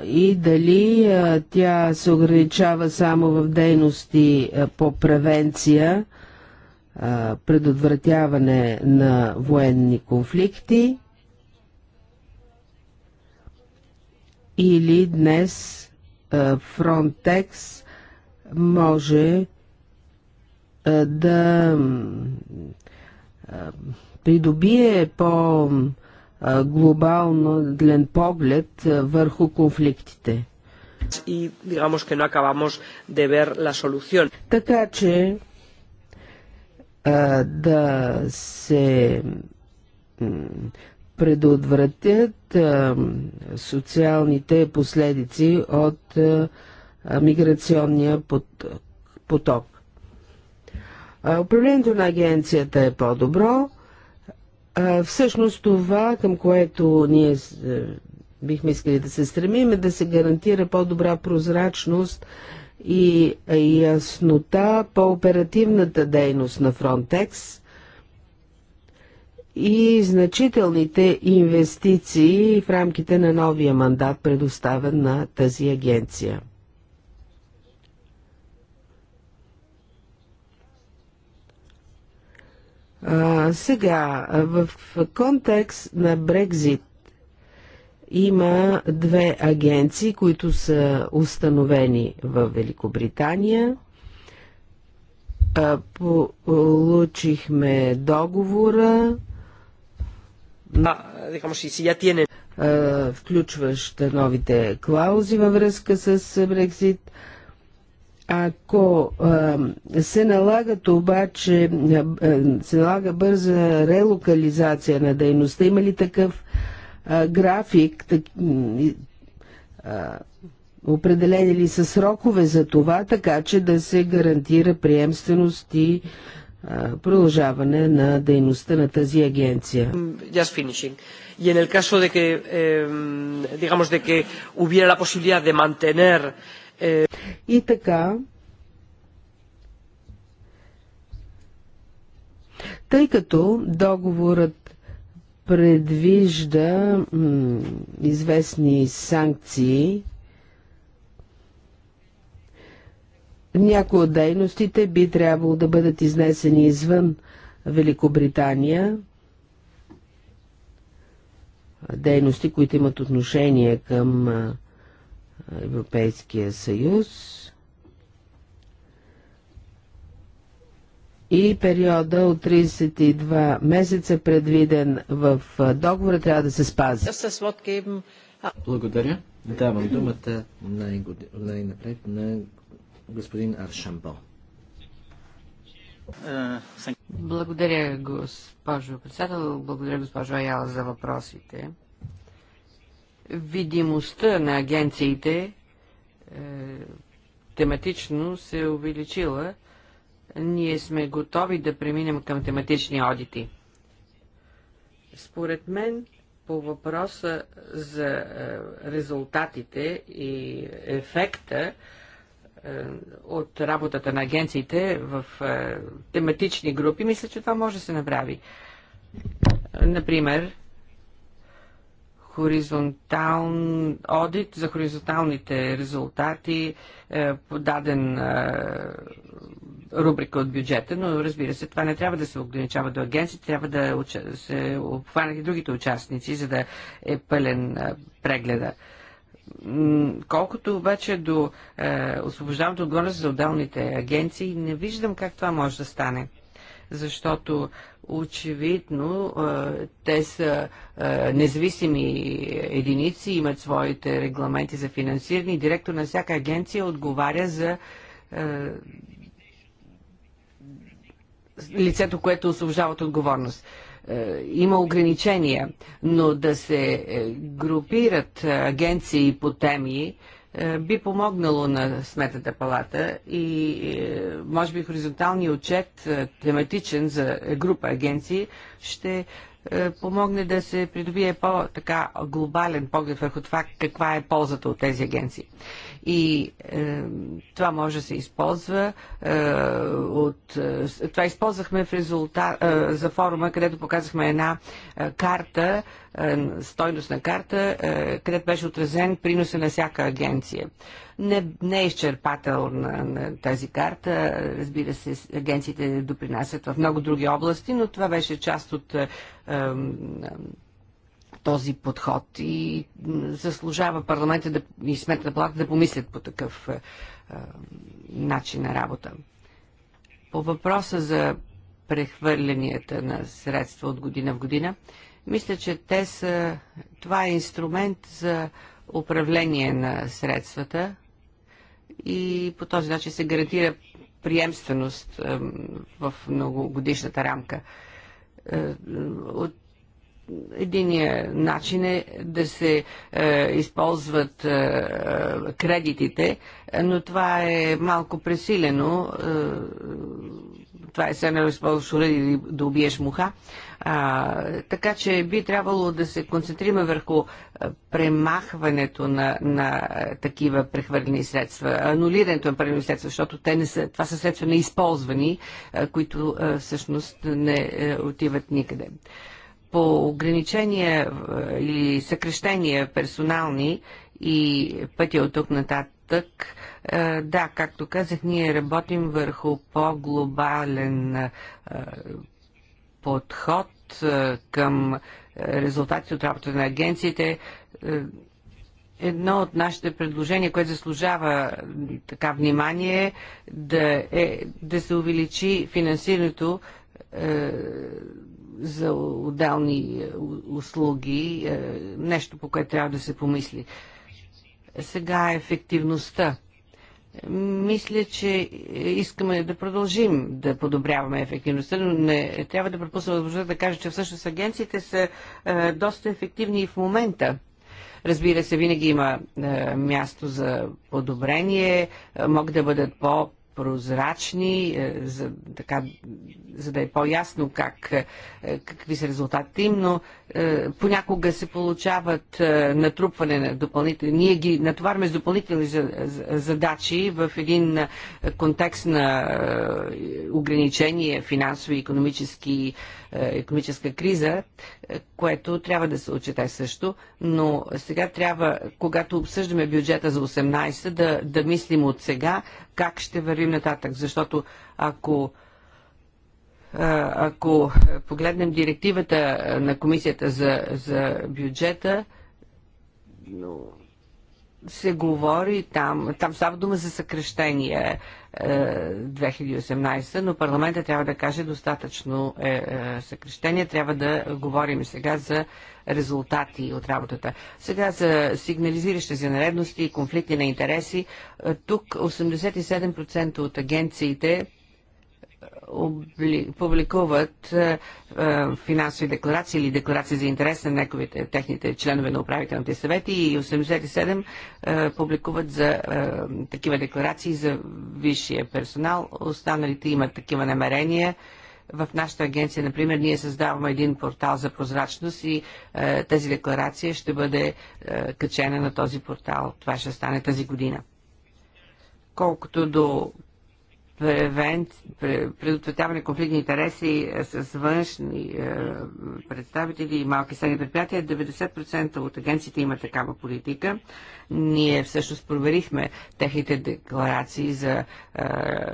и дали тя се ограничава само в дейности по превенция, предотвратяване на военни конфликти или днес Фронтекс може да придобие по- глобално длен поглед върху конфликтите. И, digamos, que no acabamos de ver la solución. Така че а, да се предотвратят а, социалните последици от а, миграционния поток. управлението на агенцията е по-добро а, всъщност това, към което ние е, бихме искали да се стремим, е да се гарантира по-добра прозрачност и яснота по оперативната дейност на Frontex и значителните инвестиции в рамките на новия мандат предоставен на тази агенция. А, сега, в контекст на Брекзит има две агенции, които са установени в Великобритания. А, получихме договора включващ новите клаузи във връзка с Брекзит. Ако се налагат обаче, се налага бърза релокализация на дейността, има ли такъв график, так, определени ли са срокове за това, така че да се гарантира приемственост и продължаване на дейността на тази агенция. Just finishing. Y en el caso de que, eh, digamos, de que hubiera la posibilidad de mantener е, и така, тъй като договорът предвижда известни санкции, някои от дейностите би трябвало да бъдат изнесени извън Великобритания, дейности, които имат отношение към Европейския съюз и периода от 32 месеца, предвиден в договора, трябва да се спази. Благодаря. Давам думата най-напред на господин Аршамбо. Благодаря, госпожо председател. Благодаря, госпожо Аяла, за въпросите видимостта на агенциите е, тематично се е увеличила. Ние сме готови да преминем към тематични одити. Според мен, по въпроса за е, резултатите и ефекта е, от работата на агенциите в е, тематични групи, мисля, че това може да се направи. Например, хоризонтален одит за хоризонталните резултати е, подаден по е, даден рубрика от бюджета, но разбира се, това не трябва да се ограничава до агенции, трябва да се обхванат и другите участници, за да е пълен е, прегледа. Колкото обаче до е, освобождаването отговорност за отделните агенции, не виждам как това може да стане защото Очевидно, те са независими единици, имат своите регламенти за финансиране и директор на всяка агенция отговаря за лицето, което освобождават отговорност има ограничения, но да се е, групират агенции по теми е, би помогнало на Сметната палата и е, може би хоризонталният отчет, е, тематичен за група агенции, ще помогне да се придобие по-така глобален поглед върху това каква е ползата от тези агенции и е, това може да се използва е, от... Е, това използвахме в резултат е, за форума, където показахме една е, карта, е, стойностна карта, е, където беше отразен приноса на всяка агенция. Не, не е на, на тази карта. Разбира се, агенциите допринасят в много други области, но това беше част от е, е, този подход и заслужава парламента да, и на плата да помислят по такъв а, е, е, начин на работа. По въпроса за прехвърлянията на средства от година в година, мисля, че те са, това е инструмент за управление на средствата и по този начин се гарантира приемственост в многогодишната рамка. Е, от Единият начин е да се е, използват е, кредитите, но това е малко пресилено. Е, това е сега използваш уреди да убиеш муха. А, така че би трябвало да се концентрираме върху е, премахването на, на е, такива прехвърлени средства, анулирането на прехвърлени средства, защото те не са, това са средства неизползвани, е, които всъщност не отиват никъде по ограничения е, или съкрещения персонални и пътя от тук нататък, е, да, както казах, ние работим върху по-глобален е, подход към резултати от работа на агенциите. Едно от нашите предложения, което заслужава така внимание, да, е, да се увеличи финансирането за отделни е, услуги, е, нещо по което трябва да се помисли. Сега е ефективността. Мисля, че искаме да продължим да подобряваме ефективността, но не трябва да пропусна възможността да кажа, че всъщност агенциите са доста ефективни и в момента. Разбира се, винаги има е, място за подобрение, могат да бъдат по- прозрачни, е, за, така, за да е по-ясно как, е, какви са резултатите им, но е, понякога се получават е, натрупване на допълнителни. Ние ги натоварваме с допълнителни задачи в един е, контекст на ограничение финансови, и економически економическа криза, което трябва да се отчете също, но сега трябва, когато обсъждаме бюджета за 18, да, да мислим от сега как ще вървим нататък, защото ако ако погледнем директивата на комисията за, за бюджета, но се говори там, там става дума за съкрещение 2018, е, но парламента трябва да каже достатъчно е, е, съкрещение, трябва да говорим сега за резултати от работата. Сега за сигнализиращи за наредности и конфликти на интереси, е, тук 87% от агенциите публикуват е, е, финансови декларации или декларации за интерес на неговите, техните членове на управителните съвети и 87 е, публикуват за такива декларации за висшия персонал. Останалите имат такива намерения. В нашата агенция, например, ние създаваме един портал за прозрачност и тези тази декларация ще бъде качена на този портал. Това ще стане тази година. Колкото до предотвратяване на конфликтни интереси е, с външни е, представители и малки средни предприятия. 90% от агенциите има такава политика. Ние всъщност проверихме техните декларации за е,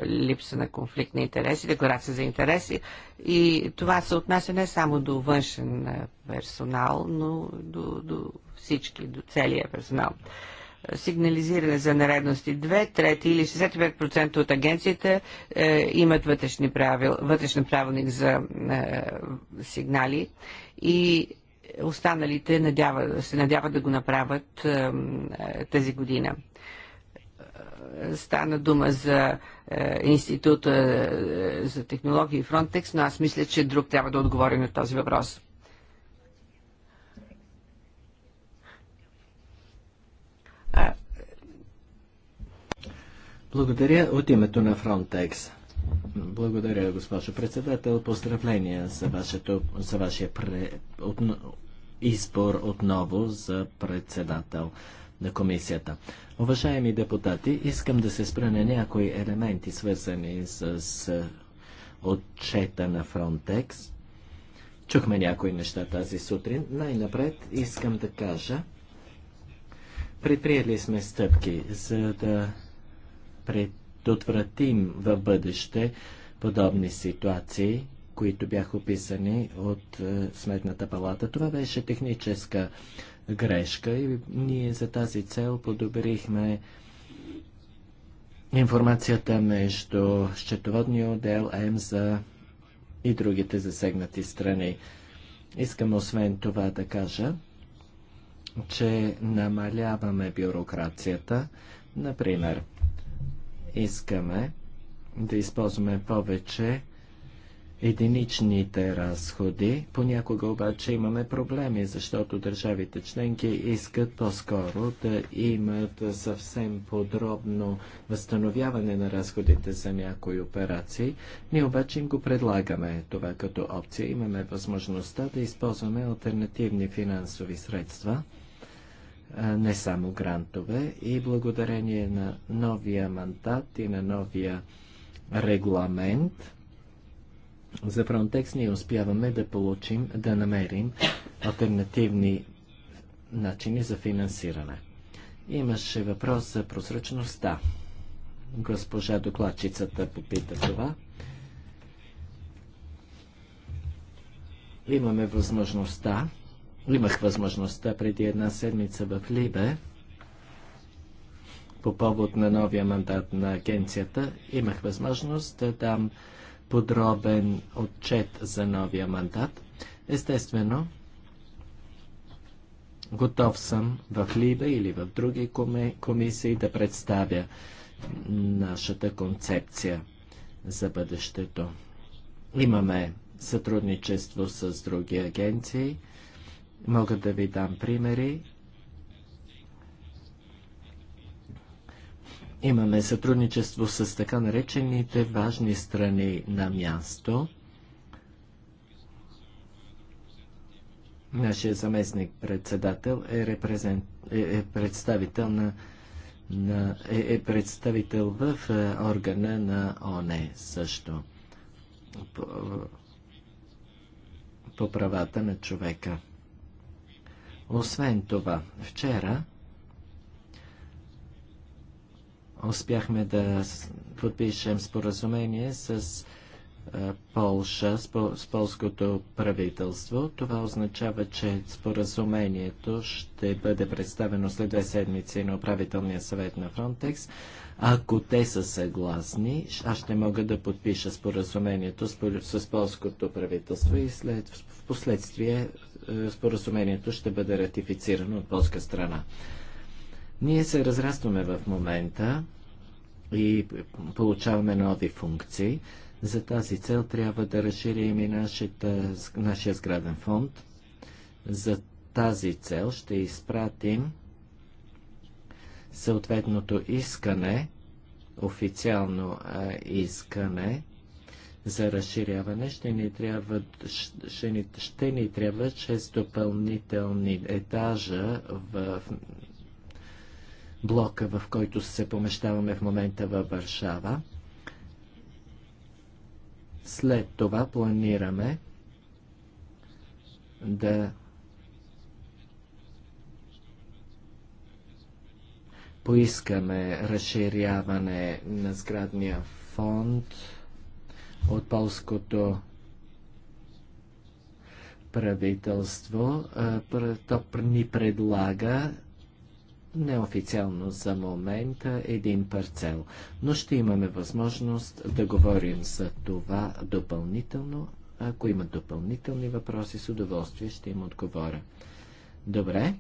липса на конфликтни интереси, декларация за интереси. И това се отнася не само до външен персонал, но до, до всички, до целия персонал сигнализиране за нередности. Две трети или 65% от агенциите е, имат вътрешни правил, вътрешен правилник за е, сигнали и останалите надява, се надяват да го направят е, е, тази година. Стана дума за е, Института е, за технологии Frontex, но аз мисля, че друг трябва да отговори на този въпрос. Благодаря от името на Frontex. Благодаря, госпожо председател. Поздравления за, вашето, за вашия пре, от, избор отново за председател на комисията. Уважаеми депутати, искам да се спра на някои елементи, свързани с, с отчета на Frontex. Чухме някои неща тази сутрин. Най-напред искам да кажа, Предприели сме стъпки, за да предотвратим в бъдеще подобни ситуации, които бяха описани от е, Сметната палата. Това беше техническа грешка и ние за тази цел подобрихме информацията между счетоводния отдел, МЗА и другите засегнати страни. Искам освен това да кажа, че намаляваме бюрокрацията. Например, искаме да използваме повече единичните разходи. Понякога обаче имаме проблеми, защото държавите членки искат по-скоро да имат съвсем подробно възстановяване на разходите за някои операции. Ние обаче им го предлагаме това като опция. Имаме възможността да използваме альтернативни финансови средства не само грантове и благодарение на новия мандат и на новия регламент за Frontex ние успяваме да получим, да намерим альтернативни начини за финансиране. Имаше въпрос за прозрачността. Госпожа докладчицата попита това. Имаме възможността Имах възможността преди една седмица в Либе по повод на новия мандат на агенцията. Имах възможност да дам подробен отчет за новия мандат. Естествено, готов съм в Либе или в други комисии да представя нашата концепция за бъдещето. Имаме сътрудничество с други агенции – Мога да ви дам примери. Имаме сътрудничество с така наречените важни страни на място. Нашия заместник председател е, репрезент... Е, е представител на на, е, е представител в е, органа на ОНЕ също по, по правата на човека. Освен това, вчера успяхме да подпишем споразумение с Полша, с полското правителство. Това означава, че споразумението ще бъде представено след две седмици на управителния съвет на Фронтекс. Ако те са съгласни, аз ще мога да подпиша споразумението с, с полското правителство и след в последствие е, споразумението ще бъде ратифицирано от полска страна. Ние се разрастваме в момента и получаваме нови функции. За тази цел трябва да разширим и нашата, нашия сграден фонд. За тази цел ще изпратим съответното искане, официално е, искане за разширяване, ще ни, трябва, ще ни, ще ни трябва 6 допълнителни етажа в блока, в който се помещаваме в момента във Варшава. След това планираме да поискаме разширяване на сградния фонд от полското правителство. То ни предлага неофициално за момента един парцел, но ще имаме възможност да говорим за това допълнително. Ако има допълнителни въпроси, с удоволствие ще им отговоря. Добре,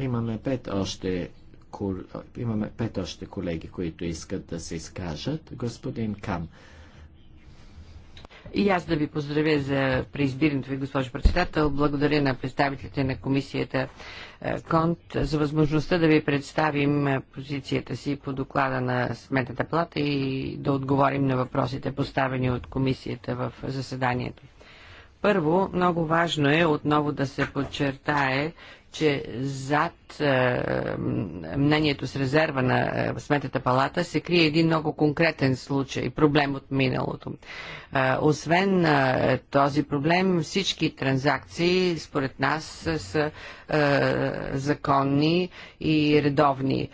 имаме пет още, кол... имаме пет още колеги, които искат да се изкажат. Господин Кам. И аз да ви поздравя за преизбирането ви, госпожо председател. Благодаря на представителите на комисията е, Конт за възможността да ви представим е, позицията си по доклада на Сметната плата и да отговорим на въпросите поставени от комисията в заседанието. Първо, много важно е отново да се подчертае, че зад е, мнението с резерва на е, Сметата палата се крие един много конкретен случай, проблем от миналото. Е, освен е, този проблем, всички транзакции според нас са е, законни и редовни.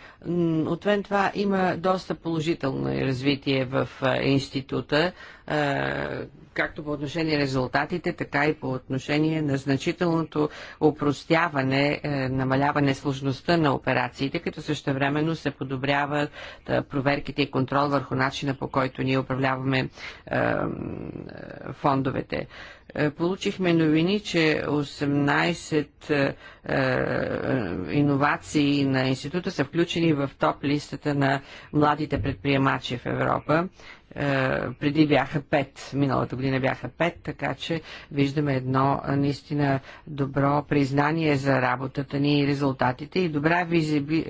Отвен това има доста положително развитие в е, института. Е, е, както по отношение на резултатите, така и по отношение на значителното упростяване, е, намаляване сложността на операциите, като същевременно се подобряват е, проверките и контрол върху начина по който ние управляваме фондовете. Получихме новини, че 18 е, иновации на института са включени в топ листата на младите предприемачи в Европа. Е, преди бяха пет миналата година бяха пет, така че виждаме едно наистина добро признание за работата ни и резултатите и добра е,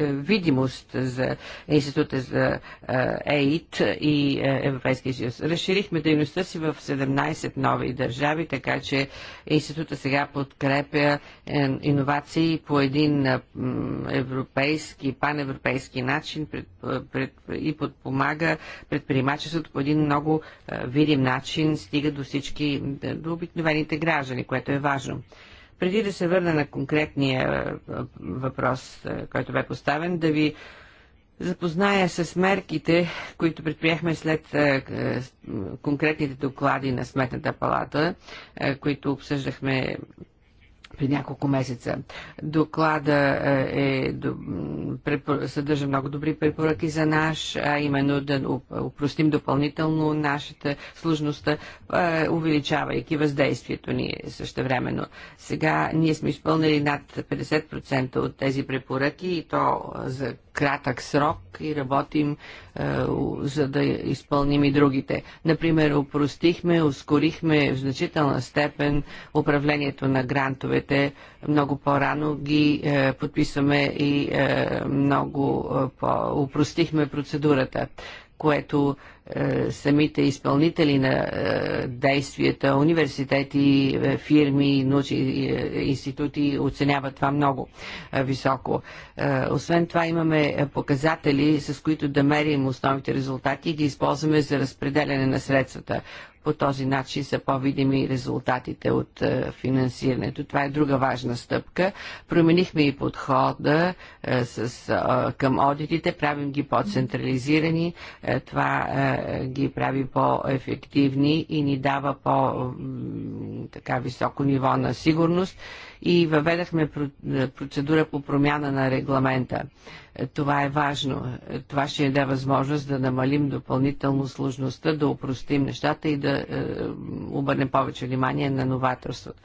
видимост за Института за е, ЕИТ и Европейския съюз. Разширихме дейността си в 17 нови държави, така че Института сега подкрепя иновации по един европейски, паневропейски начин и подпомага предприемачеството по един много е, видим начин стига до всички, е, до обикновените граждани, което е важно. Преди да се върна на конкретния е, въпрос, който бе поставен, да ви запозная с мерките, които предприехме след конкретните доклади на Сметната палата, които обсъждахме при няколко месеца. Доклада е, е съдържа много добри препоръки за наш, а именно да упростим допълнително нашата сложността, увеличавайки въздействието ни същевременно. Сега ние сме изпълнили над 50% от тези препоръки и то за кратък срок и работим е, за да изпълним и другите. Например, упростихме, ускорихме в значителна степен управлението на грантовете. Много по-рано ги е, подписваме и е, много е, по-упростихме процедурата което е, самите изпълнители на е, действията, университети, е, фирми, научни институти оценяват това много високо. Освен това имаме показатели, с които да мерим основните резултати и ги използваме за разпределяне на средствата. По този начин са по-видими резултатите от финансирането. Това е друга важна стъпка. Променихме и подхода с, към одитите, правим ги по-централизирани. Това ги прави по-ефективни и ни дава по-високо ниво на сигурност и въведахме е, процедура по промяна на регламента. Е, това е важно. Е, това ще ни даде възможност да намалим допълнително сложността, да упростим нещата и да обърнем повече внимание на новаторството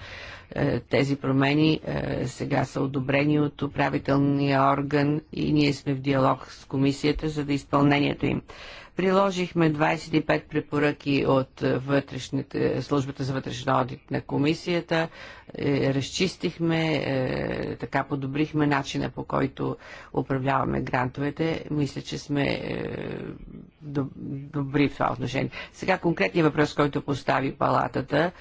тези промени сега са одобрени от управителния орган и ние сме в диалог с комисията за да изпълнението им. Приложихме 25 препоръки от службата за вътрешен одит на комисията. Е, разчистихме, е, така подобрихме начина по който управляваме грантовете. Мисля, че сме е, добри в това отношение. Сега конкретният въпрос, който постави палатата,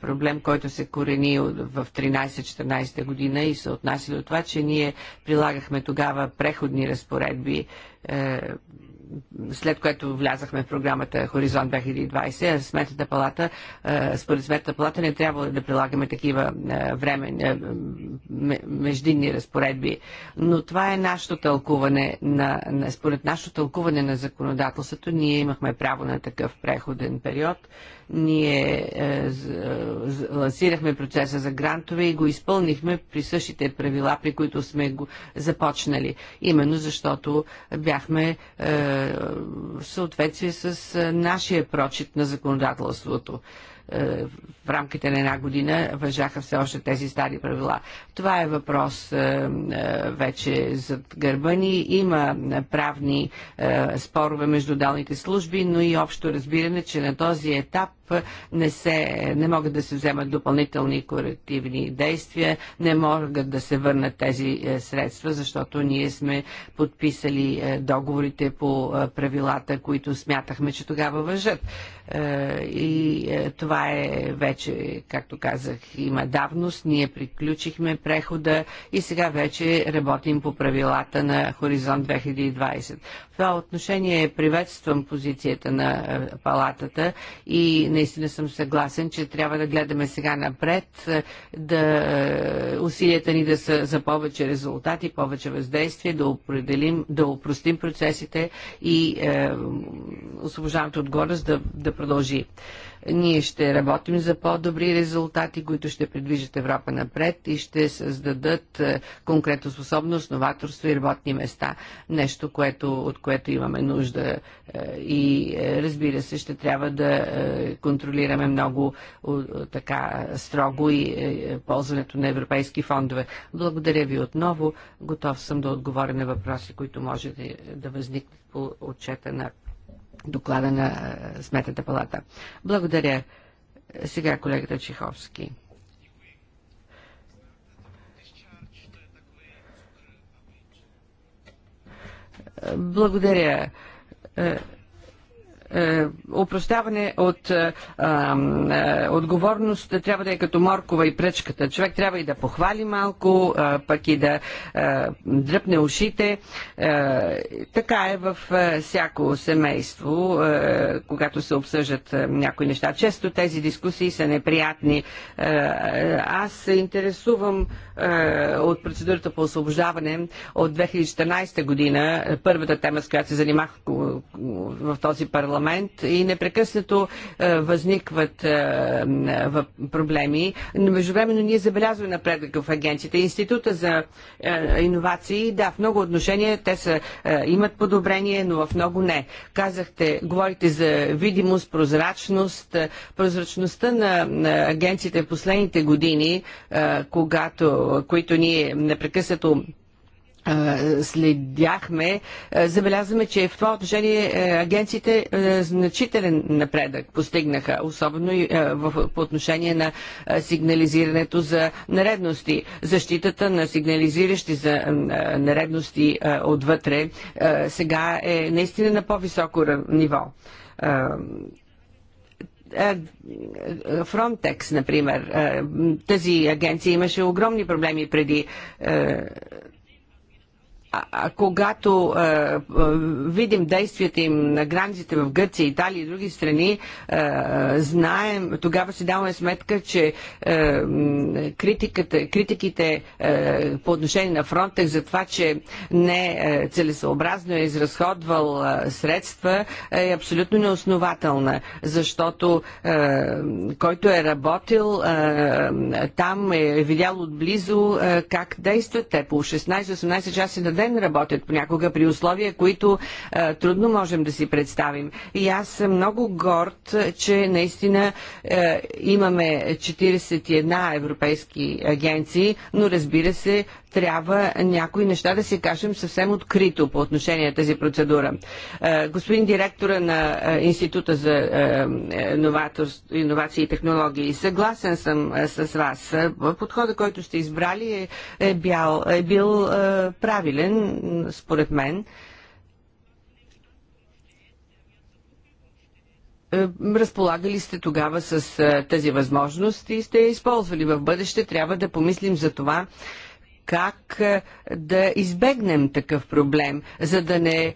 проблем, който се корени в 13-14 година и се отнася до това, че ние прилагахме тогава преходни разпоредби след което влязахме в програмата Хоризонт 2020, сметната палата, според сметната палата не трябва да прилагаме такива време, междинни разпоредби. Но това е нашето тълкуване на, на, според нашето тълкуване на законодателството, ние имахме право на такъв преходен период ние е, е лансирахме процеса за грантове и го изпълнихме при същите правила, при които сме го започнали. Именно защото бяхме е, в съответствие с е, нашия прочит на законодателството е, в рамките на една година въжаха все още тези стари правила. Това е въпрос вече зад гърба ни. Има правни спорове между далните служби, но и общо разбиране, че на този етап не, се, не могат да се вземат допълнителни корективни действия, не могат да се върнат тези е, средства, защото ние сме подписали е, договорите по е, правилата, които смятахме, че тогава въжат. И това е вече, както казах, има давност. Ние приключихме прехода и сега вече работим по правилата на Хоризонт 2020 това отношение приветствам позицията на е, палатата и наистина съм съгласен, че трябва да гледаме сега напред, е, да е, усилията ни да са за повече резултати, повече въздействие, да, определим, да упростим процесите и е, освобождаването отговорност да, да продължи. Ние ще работим за по-добри резултати, които ще придвижат Европа напред и ще създадат е, конкретоспособност, новаторство и работни места. Нещо, което, от което имаме нужда е, и е, разбира се, ще трябва да контролираме много така строго и ползването на европейски фондове. Благодаря ви отново. Готов съм да отговоря на въпроси, които можете да възникнат по отчета на доклада на е, Сметната палата. Благодаря. Сега колегата Чеховски. Благодаря. Е, опростяване е, от а, е, а, е, отговорност трябва да е като моркова и пръчката. Човек трябва и да похвали малко, а, пък и да а, дръпне ушите. А, така е в всяко семейство, а, когато се обсъждат а, някои неща. Често тези дискусии са неприятни. А, аз се интересувам а, от процедурата по освобождаване от 2014 година, първата тема, с която се занимах в този парламент момент и непрекъснато е, възникват е, е, проблеми. Междувременно ние забелязваме напредък в агенцията. Института за иновации, да, в много отношения те са, имат подобрение, но в много не. Казахте, говорите за видимост, прозрачност. Прозрачността на агенциите в последните години, когато, които ние непрекъснато следяхме, забелязваме, че в това отношение агенциите значителен напредък постигнаха, особено и по отношение на сигнализирането за наредности. Защитата на сигнализиращи за наредности отвътре сега е наистина на по-високо ниво. Frontex, например, тази агенция имаше огромни проблеми преди а, когато а, е, а, е, видим действията им на границите в Гърция, Италия и други страни, а, е, знаем, тогава си даваме сметка, че а, критиката, критиките а, по отношение на Фронтекс за това, че не а, целесообразно е изразходвал а, средства, е абсолютно неоснователна, защото а, който е работил а, там е видял отблизо а, как действат те по 16-18 часа на ден ден работят понякога при условия, които а, е, трудно можем да си представим. И аз съм много горд, че наистина а, е, имаме 41 европейски агенции, но разбира се, трябва някои неща да си кажем съвсем открито по отношение на тази процедура. Е, господин директора на е, Института за е, иновации и технологии, съгласен съм с вас. Подхода, който сте избрали е, бил, е бил правилен, според мен. разполагали сте тогава с тази възможност и сте използвали в бъдеще. Трябва да помислим за това как е, да избегнем такъв проблем, за да не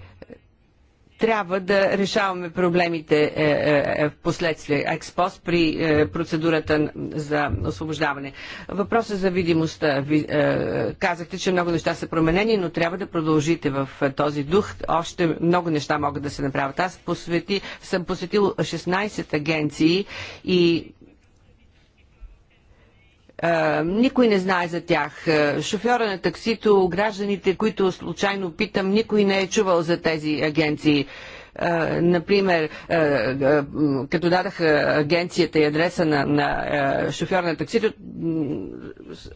трябва да решаваме проблемите е, е, е в последствие, експост при е, процедурата за освобождаване. Въпросът за видимостта. Ви, е, казахте, че много неща са променени, но трябва да продължите в този дух. Още много неща могат да се направят. Аз посвети, съм посетил 16 агенции и е, никой не знае за тях. Е, шофьора на таксито, гражданите, които случайно питам, никой не е чувал за тези агенции. Е, например, като дадах агенцията и адреса на, на шофьора на таксито,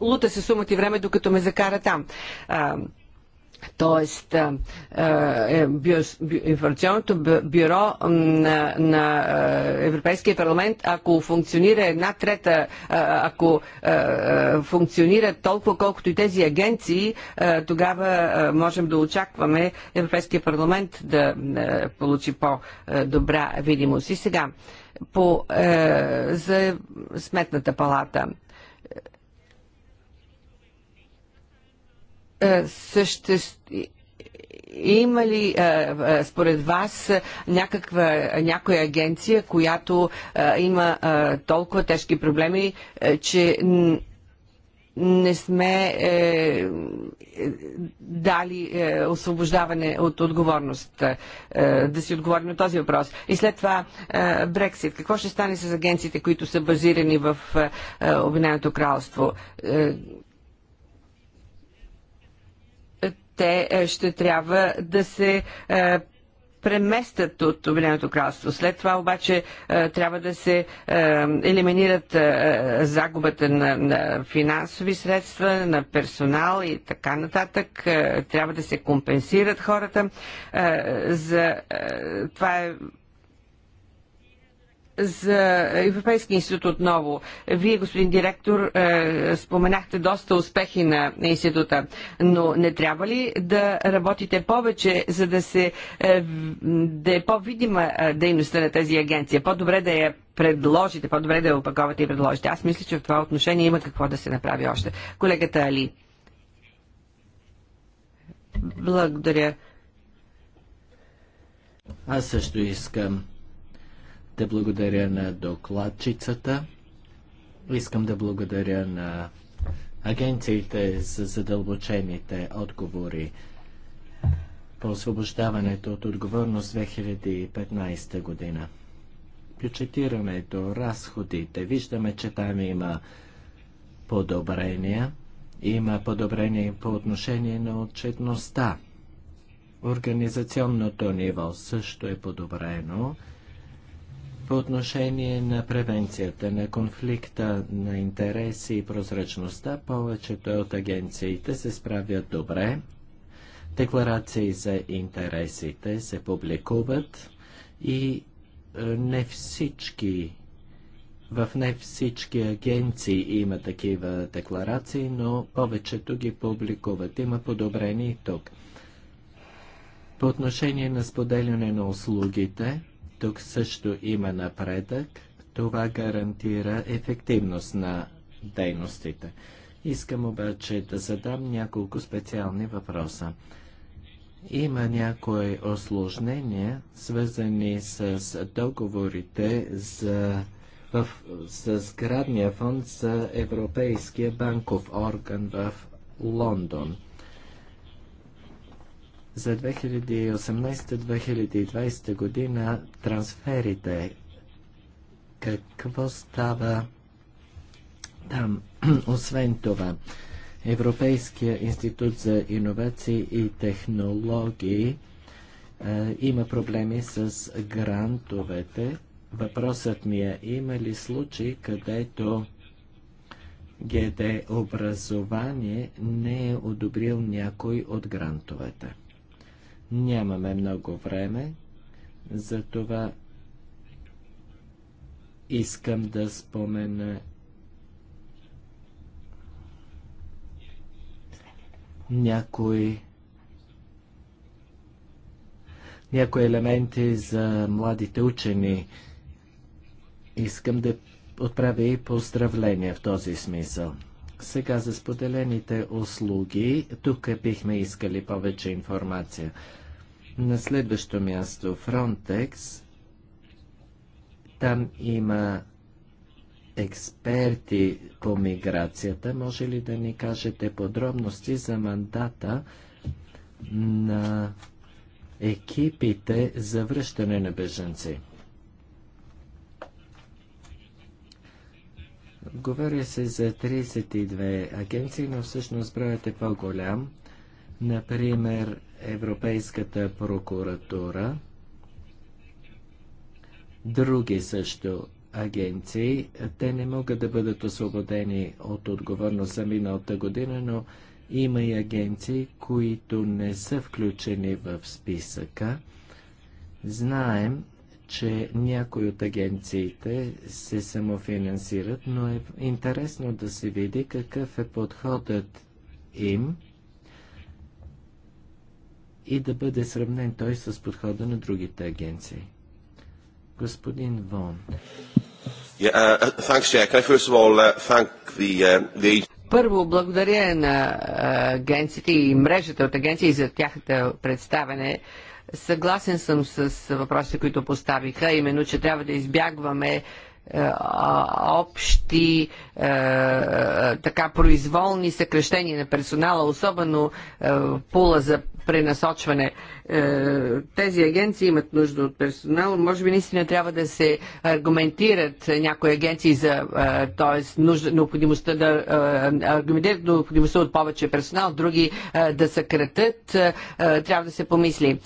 лута се сумът и време, докато ме закара там. Тоест, е, информационното бюро на, на Европейския парламент, ако функционира една трета, ако функционира толкова колкото и тези агенции, тогава можем да очакваме Европейския парламент да получи по-добра видимост. И сега, по, е, за сметната палата Е, Съще има ли е, е, според вас някаква, някоя агенция, която има толкова тежки проблеми, че не сме е, дали е, освобождаване от отговорност, е, да си отговорим на този въпрос. И след това е, Брексит. Какво ще стане с агенциите, които са базирани в е, Обединеното кралство? те е, ще трябва да се е, преместят от Обединеното кралство. След това обаче е, трябва да се елиминират загубата на, на финансови средства, на персонал и така нататък. Трябва да се компенсират хората. За това е за Европейски институт отново. Вие, господин директор, е, споменахте доста успехи на института, но не трябва ли да работите повече, за да, се, е, да е по-видима е, дейността на тази агенция? По-добре да я предложите, по-добре да я опаковате и предложите. Аз мисля, че в това отношение има какво да се направи още. Колегата Али. Благодаря. Аз също искам да благодаря на докладчицата. Искам да благодаря на агенциите за задълбочените отговори по освобождаването от отговорност 2015 година. Бюджетирането, разходите, виждаме, че там има подобрения. Има подобрение по отношение на отчетността. Организационното ниво също е подобрено по отношение на превенцията на конфликта на интереси и прозрачността, повечето от агенциите се справят добре. Декларации за интересите се публикуват и е, не всички в не всички агенции има такива декларации, но повечето ги публикуват. Има подобрени и тук. По отношение на споделяне на услугите, тук също има напредък. Това гарантира ефективност на дейностите. Искам обаче да задам няколко специални въпроса. Има някои осложнения, свързани с договорите за в, с сградния фонд за Европейския банков орган в Лондон. За 2018-2020 година трансферите. Какво става там? (clears throat) Освен това, Европейския институт за иновации и технологии е, има проблеми с грантовете. Въпросът ми е, има ли случаи, където ГД образование не е одобрил някой от грантовете? Нямаме много време, затова искам да спомена някои някои елементи за младите учени. Искам да отправя и поздравления в този смисъл. Сега за споделените услуги, тук бихме искали повече информация. На следващо място Frontex. Там има експерти по миграцията. Може ли да ни кажете подробности за мандата на екипите за връщане на беженци? Говоря се за 32 агенции, но всъщност броят е по-голям. Например, Европейската прокуратура, други също агенции. Те не могат да бъдат освободени от отговорност за миналата година, но има и агенции, които не са включени в списъка. Знаем, че някои от агенциите се самофинансират, но е интересно да се види какъв е подходът им и да бъде сравнен той с подхода на другите агенции. Господин Вон. Yeah, uh, uh thanks, Chair. Can I first of all uh, thank the, uh, the първо, благодаря на uh, агенциите и мрежата от агенции за тяхното представене. Съгласен съм с въпросите, които поставиха, именно, че трябва да избягваме е, общи е, е, така произволни съкрещения на персонала, особено пула за пренасочване. Е, тези агенции имат нужда от персонал. Може би наистина трябва да се аргументират някои агенции за т.е. необходимостта да е, аргументират необходимостта от повече персонал, други е, да съкратят. Трябва да се помисли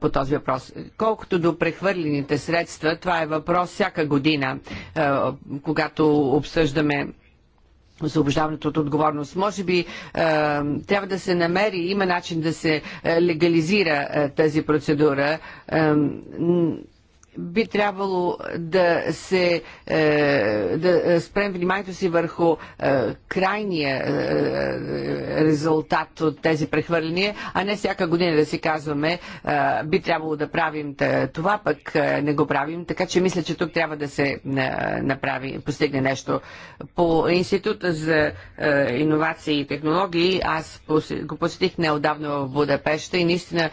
по този въпрос. Колкото до прехвърлените средства, това е въпрос всяка година, когато обсъждаме освобождаването от отговорност. Може би е, трябва да се намери, има начин да се е, легализира е, тази процедура. Е, би трябвало да се е, да спрем вниманието си върху е, крайния е, резултат от тези прехвърляния, а не всяка година да си казваме би трябвало да правим това, пък не го правим, така че мисля, че тук трябва да се направи, постигне нещо. По Института за иновации и технологии аз го посетих неодавно в Будапешта и наистина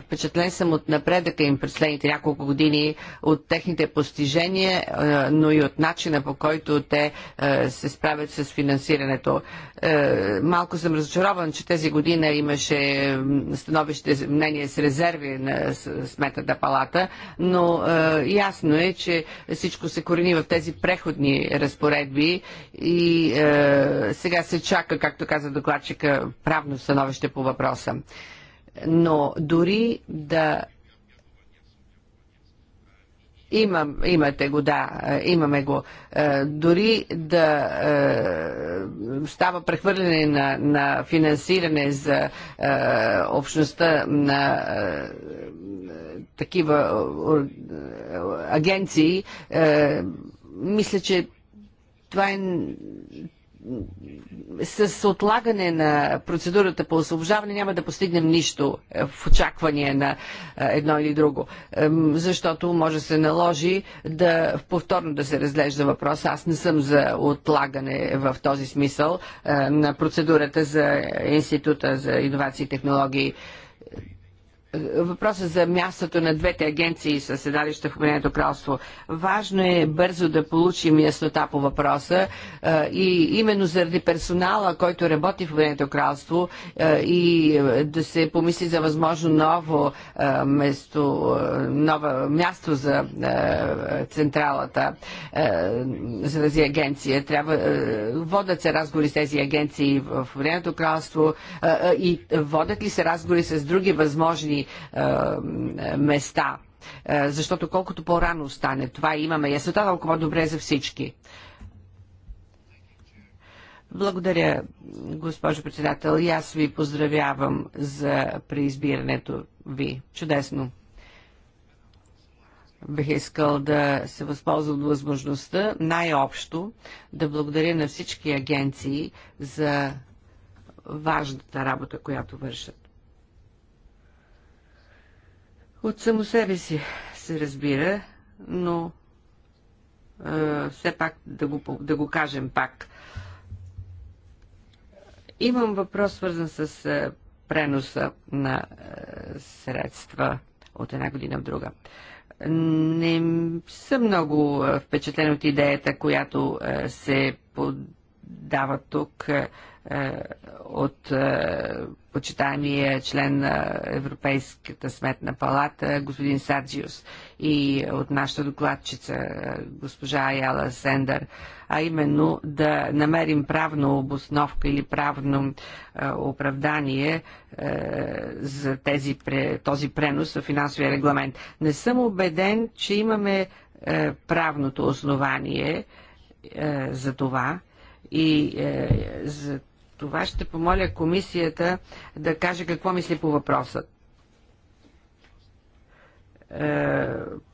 впечатлен съм от напредъка им през последните няколко години доволни от техните постижения, е, но и от начина по който те е, се справят с финансирането. Е, малко съм разочарован, че тези година имаше становище, мнение с резерви на Сметната палата, но ясно е, че всичко се корени в тези преходни разпоредби и сега се чака, както каза докладчика, правно становище по въпроса но дори да Имам, имате го, да, е, имаме го. Е, дори да е, става прехвърляне на, на финансиране за общността на такива агенции, мисля, че това е с отлагане на процедурата по освобождаване няма да постигнем нищо е, в очакване на е, едно или друго, защото може да се наложи да повторно да се разглежда въпрос. Аз не съм за отлагане в този смисъл е, на процедурата за Института за иновации и технологии въпроса за мястото на двете агенции със седалище в Обединеното кралство. Важно е бързо да получим яснота по въпроса и именно заради персонала, който работи в Обединеното кралство и да се помисли за възможно ново место, ново място за централата, за тази агенция. Трябва, водят се разговори с тези агенции в Обединеното кралство и водят ли се разговори с други възможни а, е, места. Е, защото колкото по-рано стане това, имаме яснота, толкова добре за всички. Благодаря, госпожо председател. И аз ви поздравявам за преизбирането ви. Чудесно. Бих искал да се възползвам от възможността най-общо да благодаря на всички агенции за важната работа, която вършат. От само себе си се разбира, но е, все пак да го, да го кажем пак. Имам въпрос, свързан с е, преноса на е, средства от една година в друга. Не съм много впечатлен от идеята, която е, се подава тук. Е, е, от е, почитания член на Европейската сметна палата господин Сарджиус и от нашата докладчица е, госпожа Аяла Сендър, а именно да намерим правно обосновка или правно оправдание за тези, този пренос в финансовия регламент. Не съм убеден, че имаме правното основание за това и за това ще помоля комисията да каже какво мисли по въпроса. Е,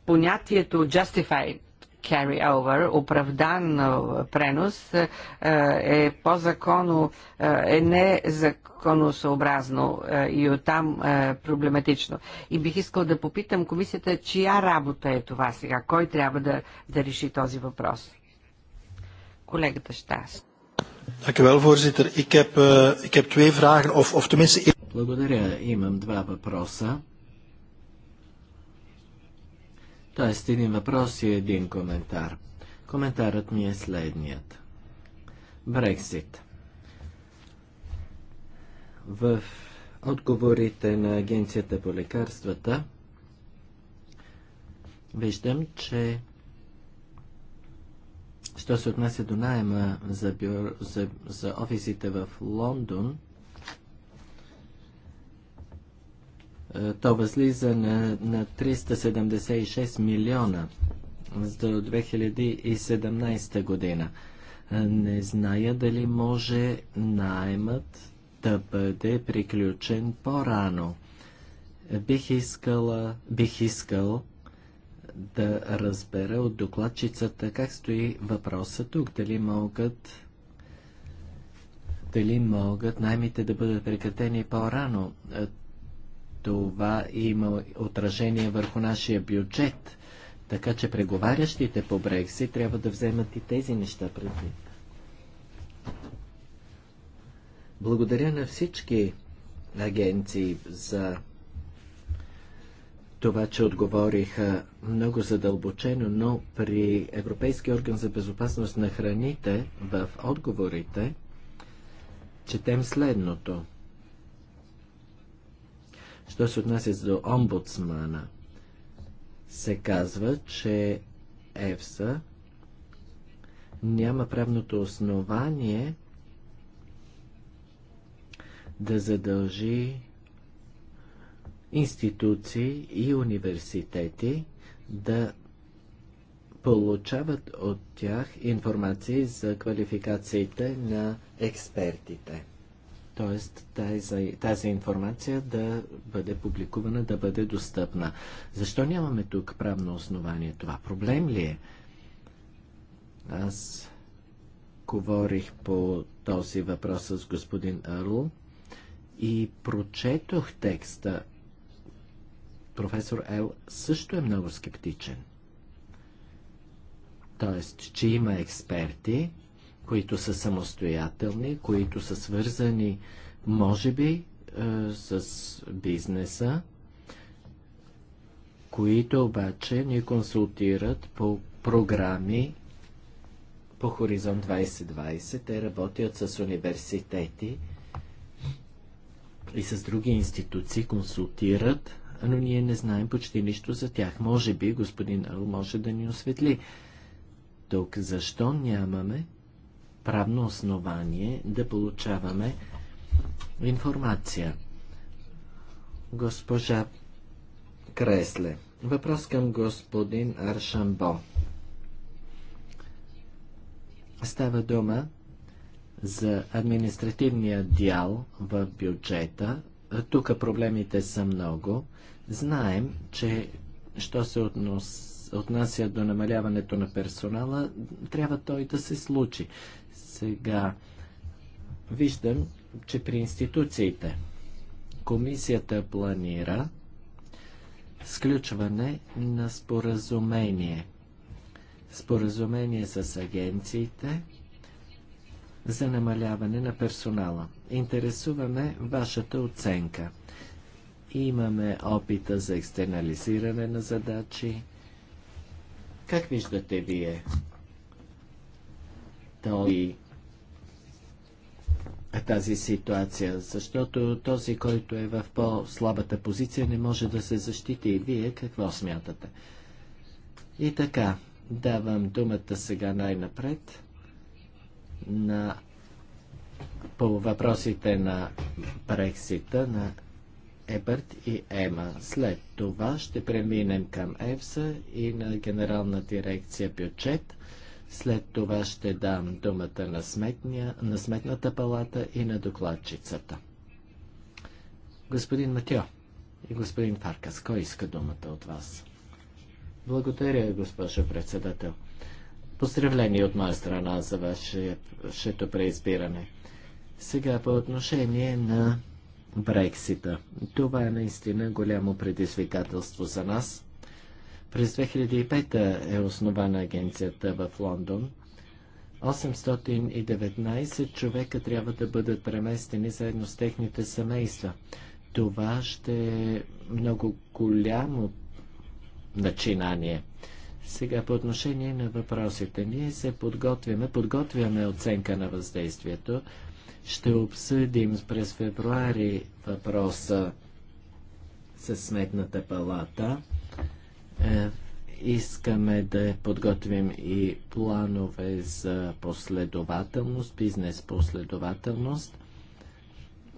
понятието justified carry over, оправдан е, пренос, е, е по-законно, е незаконосъобразно и оттам проблематично. И бих искал да попитам комисията, чия работа е това сега? Кой трябва да, да реши този въпрос? Колегата Штас. Dank u wel, voorzitter. Ik heb, uh, ik heb twee vragen, of, of tenminste... Благодаря. Имам два въпроса. Тоест, един въпрос и един коментар. Коментарът ми е следният. Брексит. В отговорите на Агенцията по лекарствата виждам, че Що се отнася до найема за, бюр... за, за офисите в Лондон, е, то възлиза на, на 376 милиона до 2017 година. Е, не зная дали може найемът да бъде приключен по-рано. Е, бих искала, бих искал да разбера от докладчицата как стои въпроса тук. Дали могат дали могат наймите да бъдат прекратени по-рано. Е, това има отражение върху нашия бюджет, така че преговарящите по Брекси трябва да вземат и тези неща предвид. Благодаря на всички агенции за това, че отговориха много задълбочено, но при Европейския орган за безопасност на храните в отговорите четем следното. Що се отнася до омбудсмана, се казва, че ЕФСА няма правното основание да задължи институции и университети да получават от тях информации за квалификациите на експертите. Тоест тази, тази информация да бъде публикувана, да бъде достъпна. Защо нямаме тук правно основание? Това проблем ли е? Аз говорих по този въпрос с господин Арл и прочетох текста професор Ел също е много скептичен. Тоест, че има експерти, които са самостоятелни, които са свързани, може би, е, с бизнеса, които обаче ни консултират по програми по Хоризонт 2020. Те работят с университети и с други институции, консултират но ние не знаем почти нищо за тях. Може би господин Ал може да ни осветли. Тук защо нямаме правно основание да получаваме информация? Госпожа Кресле. Въпрос към господин Аршамбо. Става дума за административния дял в бюджета тук проблемите са много. Знаем, че що се относ, отнася до намаляването на персонала, трябва той да се случи. Сега виждам, че при институциите комисията планира сключване на споразумение. Споразумение с агенциите – за намаляване на персонала. Интересуваме вашата оценка. Имаме опита за екстернализиране на задачи. Как виждате вие този, тази ситуация? Защото този, който е в по-слабата позиция, не може да се защити. И вие какво смятате? И така, давам думата сега най-напред на, по въпросите на Брексита на Еберт и Ема. След това ще преминем към ЕФСА и на Генерална дирекция бюджет. След това ще дам думата на, сметния, на Сметната палата и на докладчицата. Господин Матьо и господин Фаркас, кой иска думата от вас? Благодаря, госпожо председател. Поздравление от моя страна за вашето преизбиране. Сега по отношение на Брексита. Това е наистина голямо предизвикателство за нас. През 2005 е основана агенцията в Лондон. 819 човека трябва да бъдат преместени заедно с техните семейства. Това ще е много голямо начинание. Сега по отношение на въпросите. Ние се подготвяме, подготвяме оценка на въздействието. Ще обсъдим през февруари въпроса с Сметната палата. Е, искаме да подготвим и планове за последователност, бизнес последователност.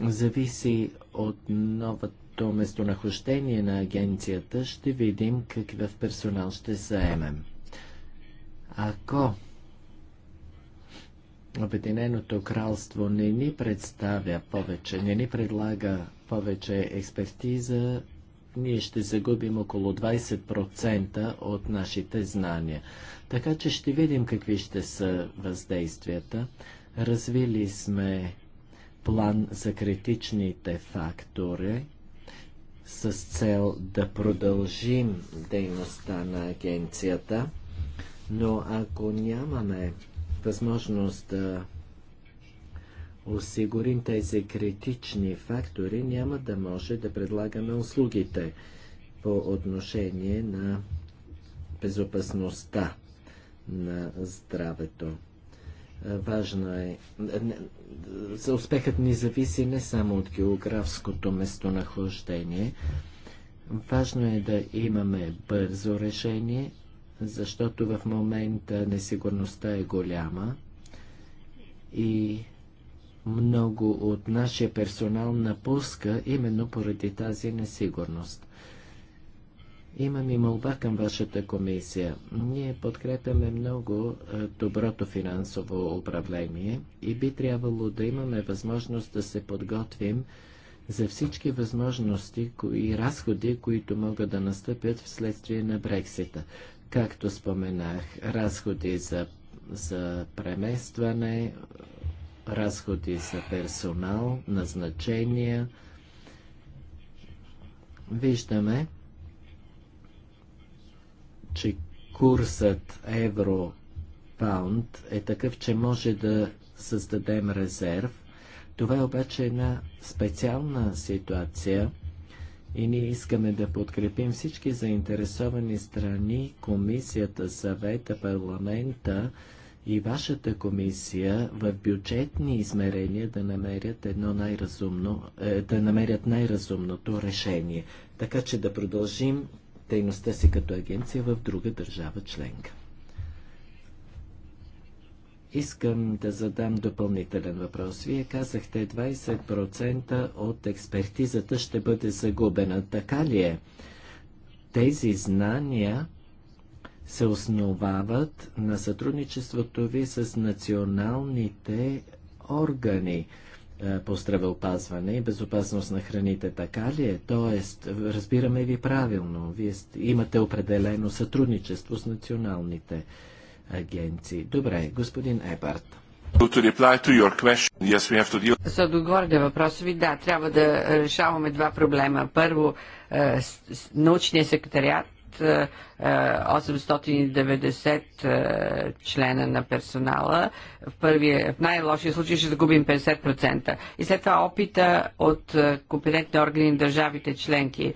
Зависи от новата новото местонахождение на агенцията ще видим какъв персонал ще заемем. Ако Обединеното кралство не ни представя повече, не ни предлага повече експертиза, ние ще загубим около 20% от нашите знания. Така че ще видим какви ще са въздействията. Развили сме план за критичните фактори с цел да продължим дейността на агенцията, но ако нямаме възможност да осигурим тези критични фактори, няма да може да предлагаме услугите по отношение на безопасността на здравето. Е, важно е. е за успехът ни зависи не само от географското местонахождение. Важно е да имаме бързо решение, защото в момента несигурността е голяма и много от нашия персонал напуска именно поради тази несигурност. Имам и молба към вашата комисия. Ние подкрепяме много е, доброто финансово управление и би трябвало да имаме възможност да се подготвим за всички възможности и разходи, които могат да настъпят вследствие на Брексита. Както споменах, разходи за, за преместване, разходи за персонал, назначения. Виждаме, че курсът евро-паунд е такъв, че може да създадем резерв. Това е обаче една специална ситуация и ние искаме да подкрепим всички заинтересовани страни, комисията, съвета, парламента и вашата комисия в бюджетни измерения да намерят едно най-разумно, е, да намерят най-разумното решение. Така че да продължим дейността си като агенция в друга държава членка. Искам да задам допълнителен въпрос. Вие казахте 20% от експертизата ще бъде загубена. Така ли е? Тези знания се основават на сътрудничеството ви с националните органи. Е, по здравеопазване и безопасност на храните. Така ли е? Тоест, разбираме ви правилно. Вие имате определено сътрудничество с националните агенции. Добре, господин Ебарт. За да отговоря на въпроса ви, да, трябва да решаваме два проблема. Първо, е, научния секретариат 890 е, члена на персонала. В, първия, в най-лошия случай ще загубим 50%. И след това опита от е, компетентни органи на държавите членки,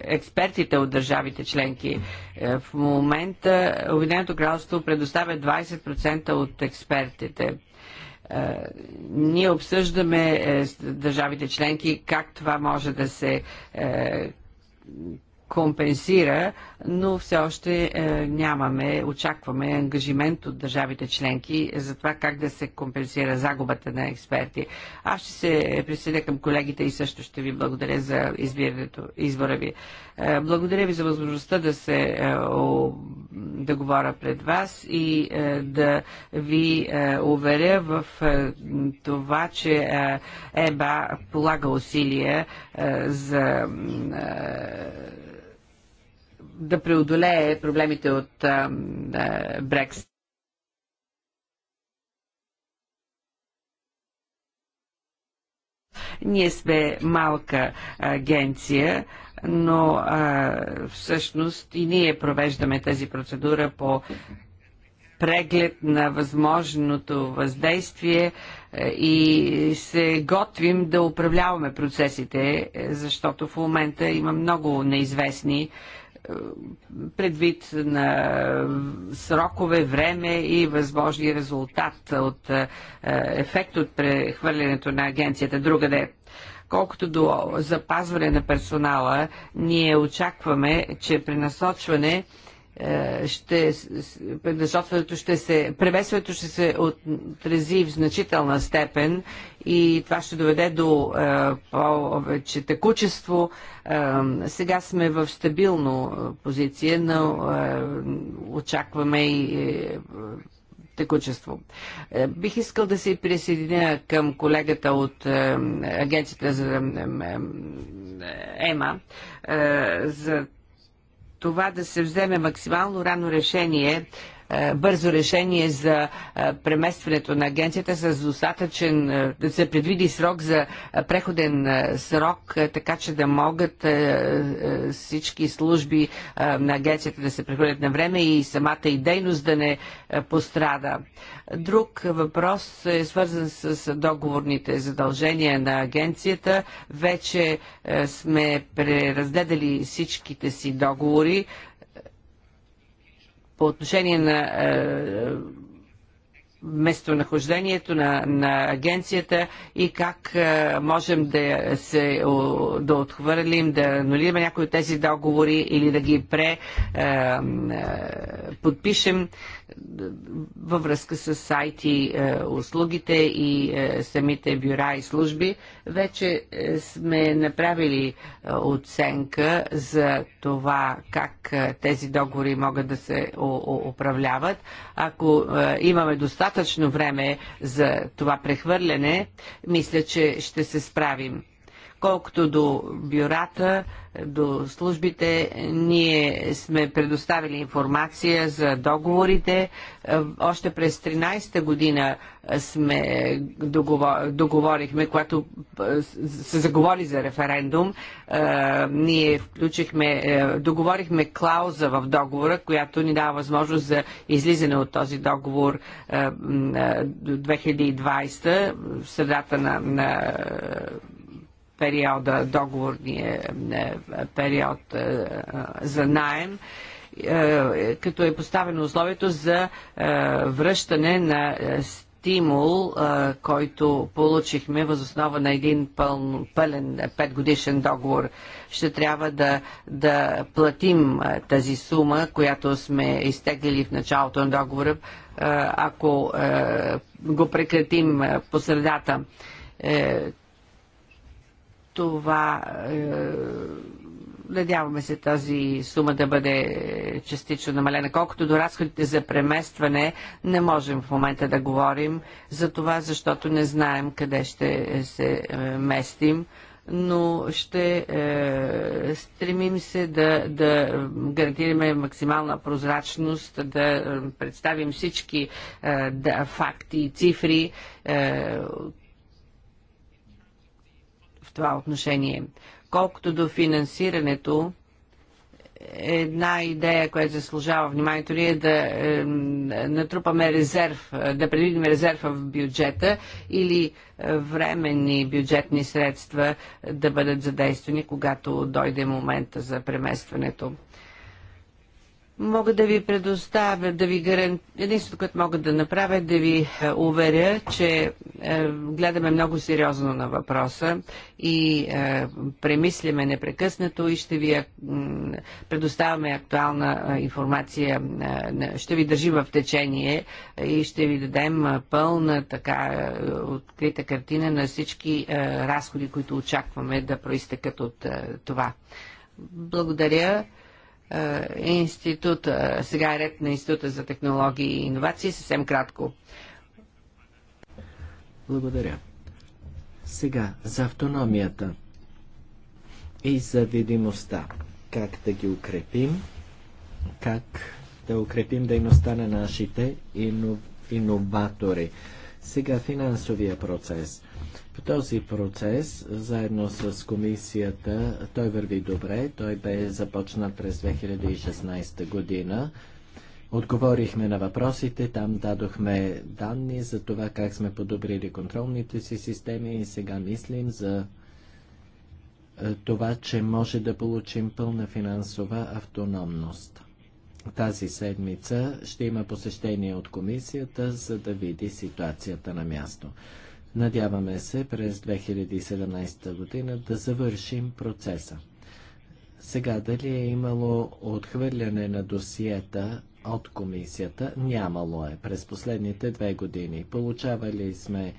експертите от държавите членки. Е, в момента Обединеното кралство предоставя 20% от експертите ние обсъждаме с държавите членки как това може да се компенсира, но все още е, нямаме, очакваме ангажимент от държавите членки за това как да се компенсира загубата на експерти. Аз ще се присъединя към колегите и също ще ви благодаря за избирането, избора ви. Е, благодаря ви за възможността да се е, о, да говоря пред вас и е, да ви е, уверя в е, това, че е, ЕБА полага усилия е, за е, да преодолее проблемите от Брекс. Ние сме малка агенция, но а, всъщност и ние провеждаме тази процедура по преглед на възможното въздействие и се готвим да управляваме процесите, защото в момента има много неизвестни предвид на срокове, време и възможни резултат от е, ефект от прехвърлянето на агенцията другаде. Колкото до запазване на персонала, ние очакваме, че при насочване е, ще, предначотването ще се, преместването ще се отрази в значителна степен и това ще доведе до е, повече текучество. Е, сега сме в стабилно позиция, но очакваме и текучество. Бих искал да се присъединя към колегата от агенцията за ЕМА за това да се вземе максимално рано решение е, бързо решение за е, преместването на агенцията с достатъчен, е, да се предвиди срок за преходен срок, така че да могат всички служби на агенцията да се прехвърлят на време и самата и дейност да не пострада. Друг въпрос е свързан с договорните задължения на агенцията. Вече сме преразгледали всичките си договори по отношение на е, местонахождението на, на агенцията и как е, можем да се о, да отхвърлим, да анулираме някои от тези договори или да ги преподпишем. е, Е, във връзка с сайти е, услугите и е, самите бюра и служби. Вече е, сме направили оценка за това как тези договори могат да се управляват. Ако имаме достатъчно време за това прехвърляне, мисля, че ще се справим. Колкото до бюрата, до службите. Ние сме предоставили информация за договорите. Е, още през 13-та година сме договорихме, когато е, се заговори за референдум, е, ние включихме, договорихме клауза в договора, която ни дава възможност за излизане от този договор до 2020, в средата на, на периода, договорния е, период е, за найем е, като е поставено условието за връщане на стимул, който получихме възоснова на един пълн, пълен петгодишен договор. Ще трябва да, да платим тази сума, която сме изтеглили в началото на договора, ако го прекратим по средата това е, надяваме се тази сума да бъде частично намалена. Колкото до разходите за преместване, не можем в момента да говорим за това, защото не знаем къде ще се е, местим, но ще е, стремим се да, да гарантираме максимална прозрачност, да е, представим всички е, да, факти и цифри, е, в това отношение. Колкото до финансирането, една идея, която заслужава вниманието ни е да е, натрупаме резерв, е, да предвидим резерв в бюджета или е, временни бюджетни средства да бъдат задействани, когато дойде момента за преместването. Мога да ви предоставя, да ви гарантирам. Единственото, което мога да направя е да ви е, уверя, че е, гледаме много сериозно на въпроса и е, премисляме непрекъснато и ще ви е, предоставяме актуална е, информация. Е, ще ви държи в течение и ще ви дадем пълна така открита картина на всички разходи, които очакваме да проистекат от това. Благодаря. Е, института, е, сега е ред на Института за технологии и иновации, съвсем кратко. Благодаря. Сега, за автономията и за видимостта. Как да ги укрепим, как да укрепим дейността на нашите иноватори. Инов сега финансовия процес. В този процес, заедно с комисията, той върви добре. Той бе започнат през 2016 година. Отговорихме на въпросите, там дадохме данни за това как сме подобрили контролните си системи и сега мислим за е, това, че може да получим пълна финансова автономност тази седмица ще има посещение от комисията, за да види ситуацията на място. Надяваме се през 2017 година да завършим процеса. Сега дали е имало отхвърляне на досиета от комисията? Нямало е през последните две години. Получавали сме е,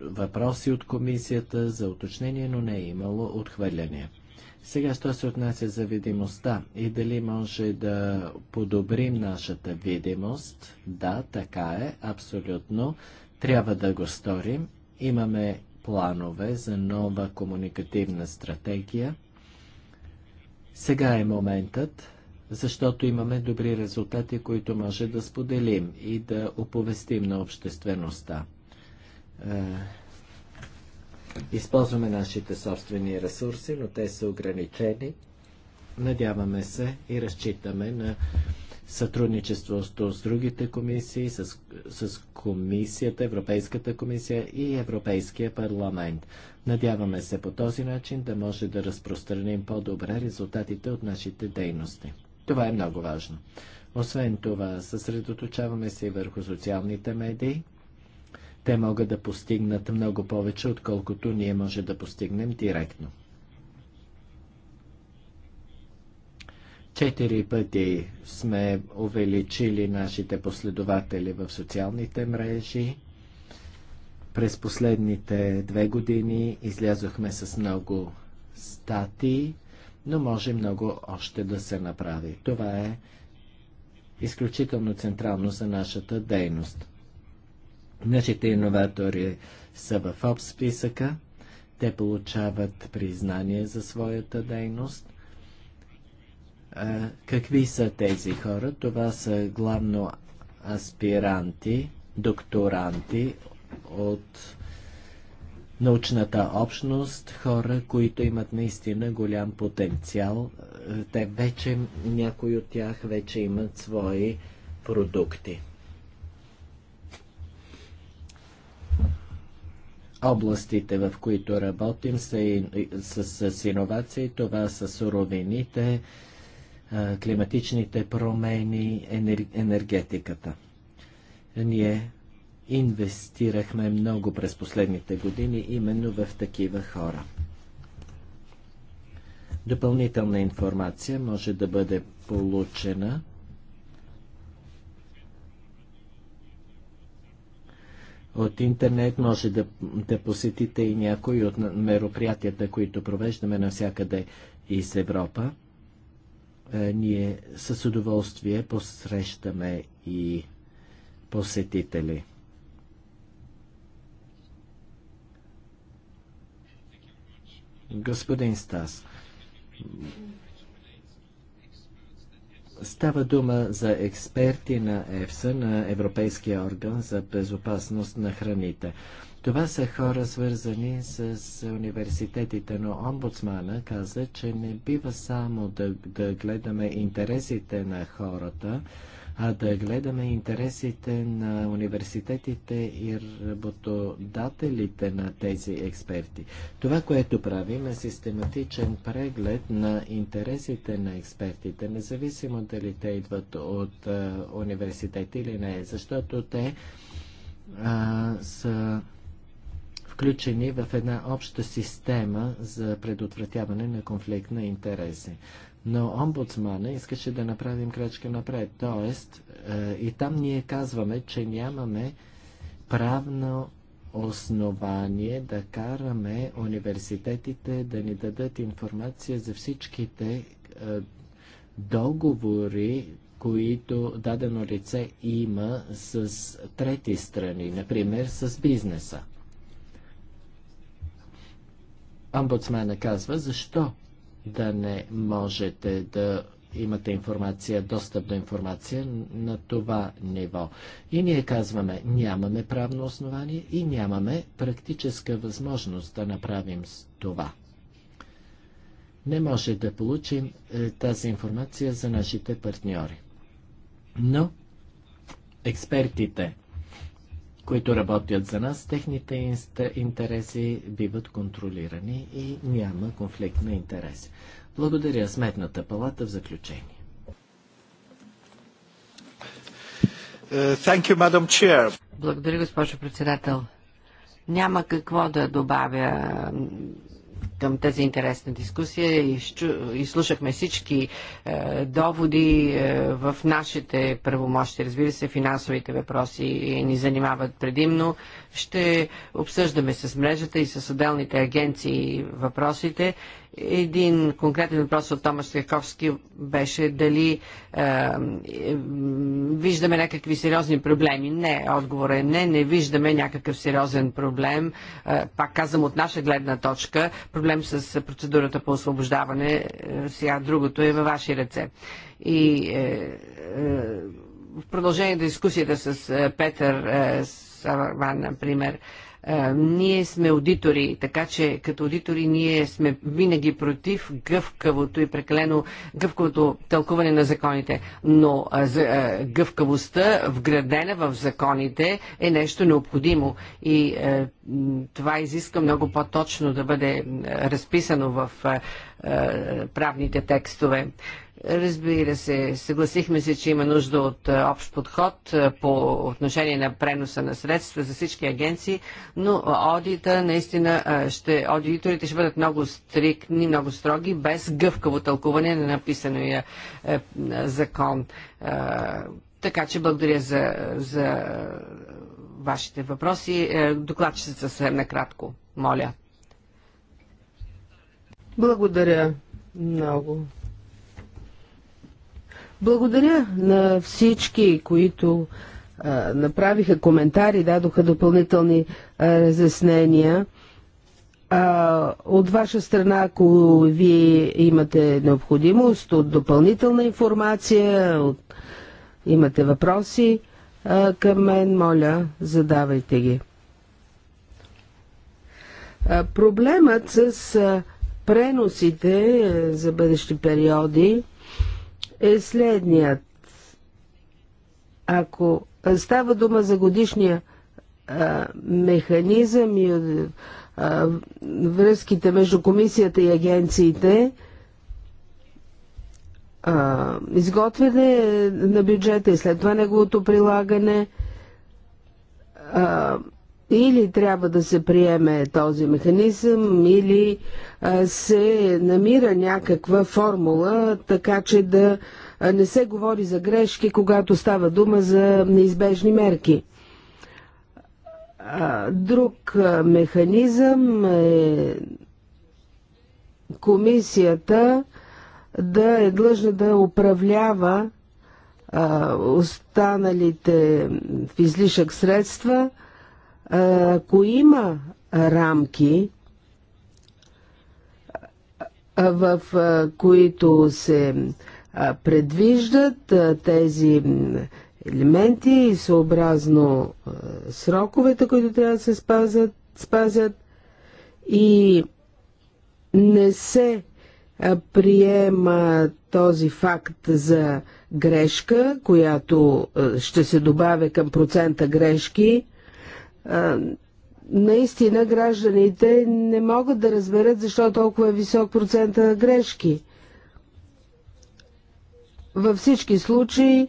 въпроси от комисията за уточнение, но не е имало отхвърляне. Сега, що се отнася за видимостта и дали може да подобрим нашата видимост? Да, така е, абсолютно. Трябва да го сторим. Имаме планове за нова комуникативна стратегия. Сега е моментът, защото имаме добри резултати, които може да споделим и да оповестим на обществеността. Е, Използваме нашите собствени ресурси, но те са ограничени. Надяваме се и разчитаме на сътрудничеството с другите комисии, с, с комисията, Европейската комисия и Европейския парламент. Надяваме се по този начин да може да разпространим по-добре резултатите от нашите дейности. Това е много важно. Освен това, съсредоточаваме се и върху социалните медии. Те могат да постигнат много повече, отколкото ние може да постигнем директно. Четири пъти сме увеличили нашите последователи в социалните мрежи. През последните две години излязохме с много статии, но може много още да се направи. Това е изключително централно за нашата дейност. Нашите иноватори са в общ списъка. Те получават признание за своята дейност. А, какви са тези хора? Това са главно аспиранти, докторанти от научната общност, хора, които имат наистина голям потенциал. Те вече, някои от тях вече имат свои продукти. областите, в които работим, са с, с иновации. Това са суровините, климатичните промени, енер, енергетиката. Ние инвестирахме много през последните години именно в такива хора. Допълнителна информация може да бъде получена от интернет, може да, да посетите и някои от мероприятията, които провеждаме навсякъде из Европа. Е, ние с удоволствие посрещаме и посетители. Господин Стас, Става дума за експерти на ЕФСА, на Европейския орган за безопасност на храните. Това са хора свързани с университетите, но омбудсмана каза, че не бива само да, да гледаме интересите на хората, а да гледаме интересите на университетите и работодателите на тези експерти. Това, което правим е систематичен преглед на интересите на експертите, независимо дали те идват от университет или не, защото те а, са включени в една обща система за предотвратяване на конфликт на интереси. Но омбудсмана искаше да направим крачка напред. Тоест, е, и там ние казваме, че нямаме правно основание да караме университетите да ни дадат информация за всичките е, договори, които дадено лице има с трети страни, например с бизнеса. Омбудсмана казва, защо да не можете да имате информация, достъп до информация на това ниво. И ние казваме, нямаме правно основание и нямаме практическа възможност да направим с това. Не може да получим е, тази информация за нашите партньори. Но експертите които работят за нас, техните интереси биват контролирани и няма конфликт на интереси. Благодаря Сметната палата в заключение. Е, you, Благодаря, госпожо председател. Няма какво да добавя към тази интересна дискусия. Изчу, изслушахме всички е, доводи е, в нашите правомощи. Разбира се, финансовите въпроси ни занимават предимно. Ще обсъждаме с мрежата и с отделните агенции въпросите един конкретен въпрос от Томас Тряковски беше дали е, виждаме някакви сериозни проблеми. Не, отговор е не, не виждаме някакъв сериозен проблем. Е, пак казвам от наша гледна точка, проблем с процедурата по освобождаване. Е, сега другото е във ваши ръце. И е, е, в продължение на дискусията с е, Петър е, Саван, например, е, ние сме аудитори, така че като аудитори ние сме винаги против гъвкавото и прекалено гъвкавото тълкуване на законите. Но гъвкавостта, вградена в законите, е нещо необходимо и е, това изиска много по-точно да бъде разписано в правните текстове. Разбира се, съгласихме се, че има нужда от общ подход по отношение на преноса на средства за всички агенции, но аудита наистина ще, аудиторите ще бъдат много стриктни, много строги, без гъвкаво тълкуване на написания закон. Така че благодаря за, за вашите въпроси. се съвсем накратко, моля. Благодаря много. Благодаря на всички, които а, направиха коментари, дадоха допълнителни а, разяснения. А, от ваша страна, ако вие имате необходимост от допълнителна информация, от... имате въпроси а, към мен, моля, задавайте ги. А, проблемът с а, преносите а, за бъдещи периоди е следният. Ако става дума за годишния а, механизъм и а, връзките между комисията и агенциите, а, изготвяне на бюджета и след това неговото прилагане, а, или трябва да се приеме този механизъм, или се намира някаква формула, така че да не се говори за грешки, когато става дума за неизбежни мерки. Друг механизъм е комисията да е длъжна да управлява останалите в излишък средства – ако има рамки, в които се предвиждат тези елементи и съобразно сроковете, които трябва да се спазят, спазят и не се приема този факт за грешка, която ще се добавя към процента грешки, наистина гражданите не могат да разберат защо толкова е висок процента грешки. Във всички случаи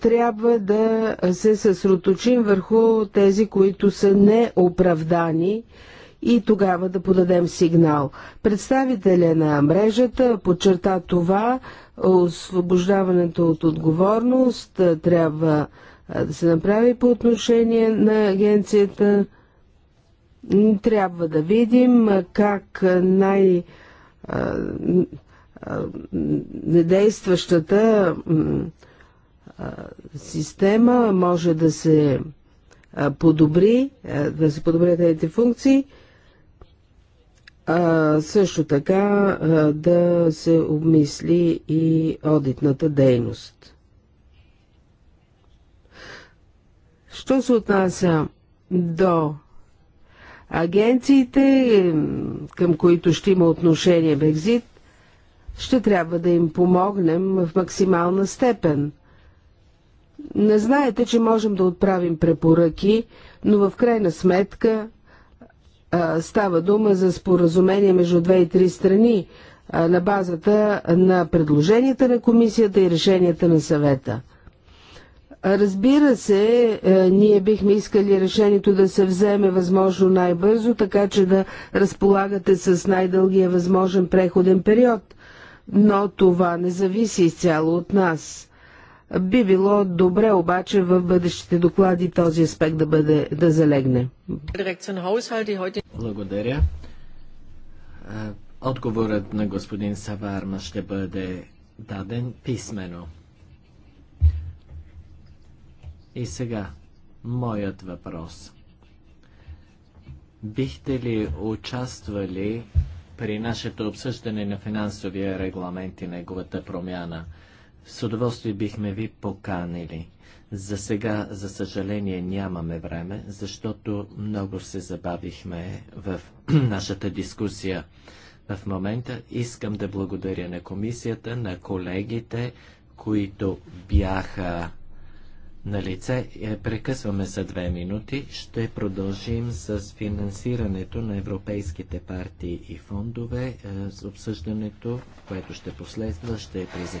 трябва да се съсроточим върху тези, които са неоправдани и тогава да подадем сигнал. Представителя на мрежата подчерта това, освобождаването от отговорност трябва да се направи по отношение на агенцията. Трябва да видим как най- недействащата система може да се подобри, да се подобрят тези функции, а също така да се обмисли и одитната дейност. Що се отнася до агенциите, към които ще има отношение Брекзит, ще трябва да им помогнем в максимална степен. Не знаете, че можем да отправим препоръки, но в крайна сметка а, става дума за споразумение между две и три страни а, на базата на предложенията на комисията и решенията на съвета. Разбира се, е, ние бихме искали решението да се вземе възможно най-бързо, така че да разполагате с най-дългия възможен преходен период. Но това не зависи изцяло от нас. Би било добре обаче в бъдещите доклади този аспект да, бъде, да залегне. Благодаря. Е, отговорът на господин Саварма ще бъде даден писменно. И сега, моят въпрос. Бихте ли участвали при нашето обсъждане на финансовия регламент и неговата промяна? С удоволствие бихме ви поканили. За сега, за съжаление, нямаме време, защото много се забавихме в (clears throat) нашата дискусия. В момента искам да благодаря на комисията, на колегите, които бяха на лице. Е, прекъсваме за две минути. Ще продължим с финансирането на европейските партии и фондове. Е, с обсъждането, което ще последва, ще е при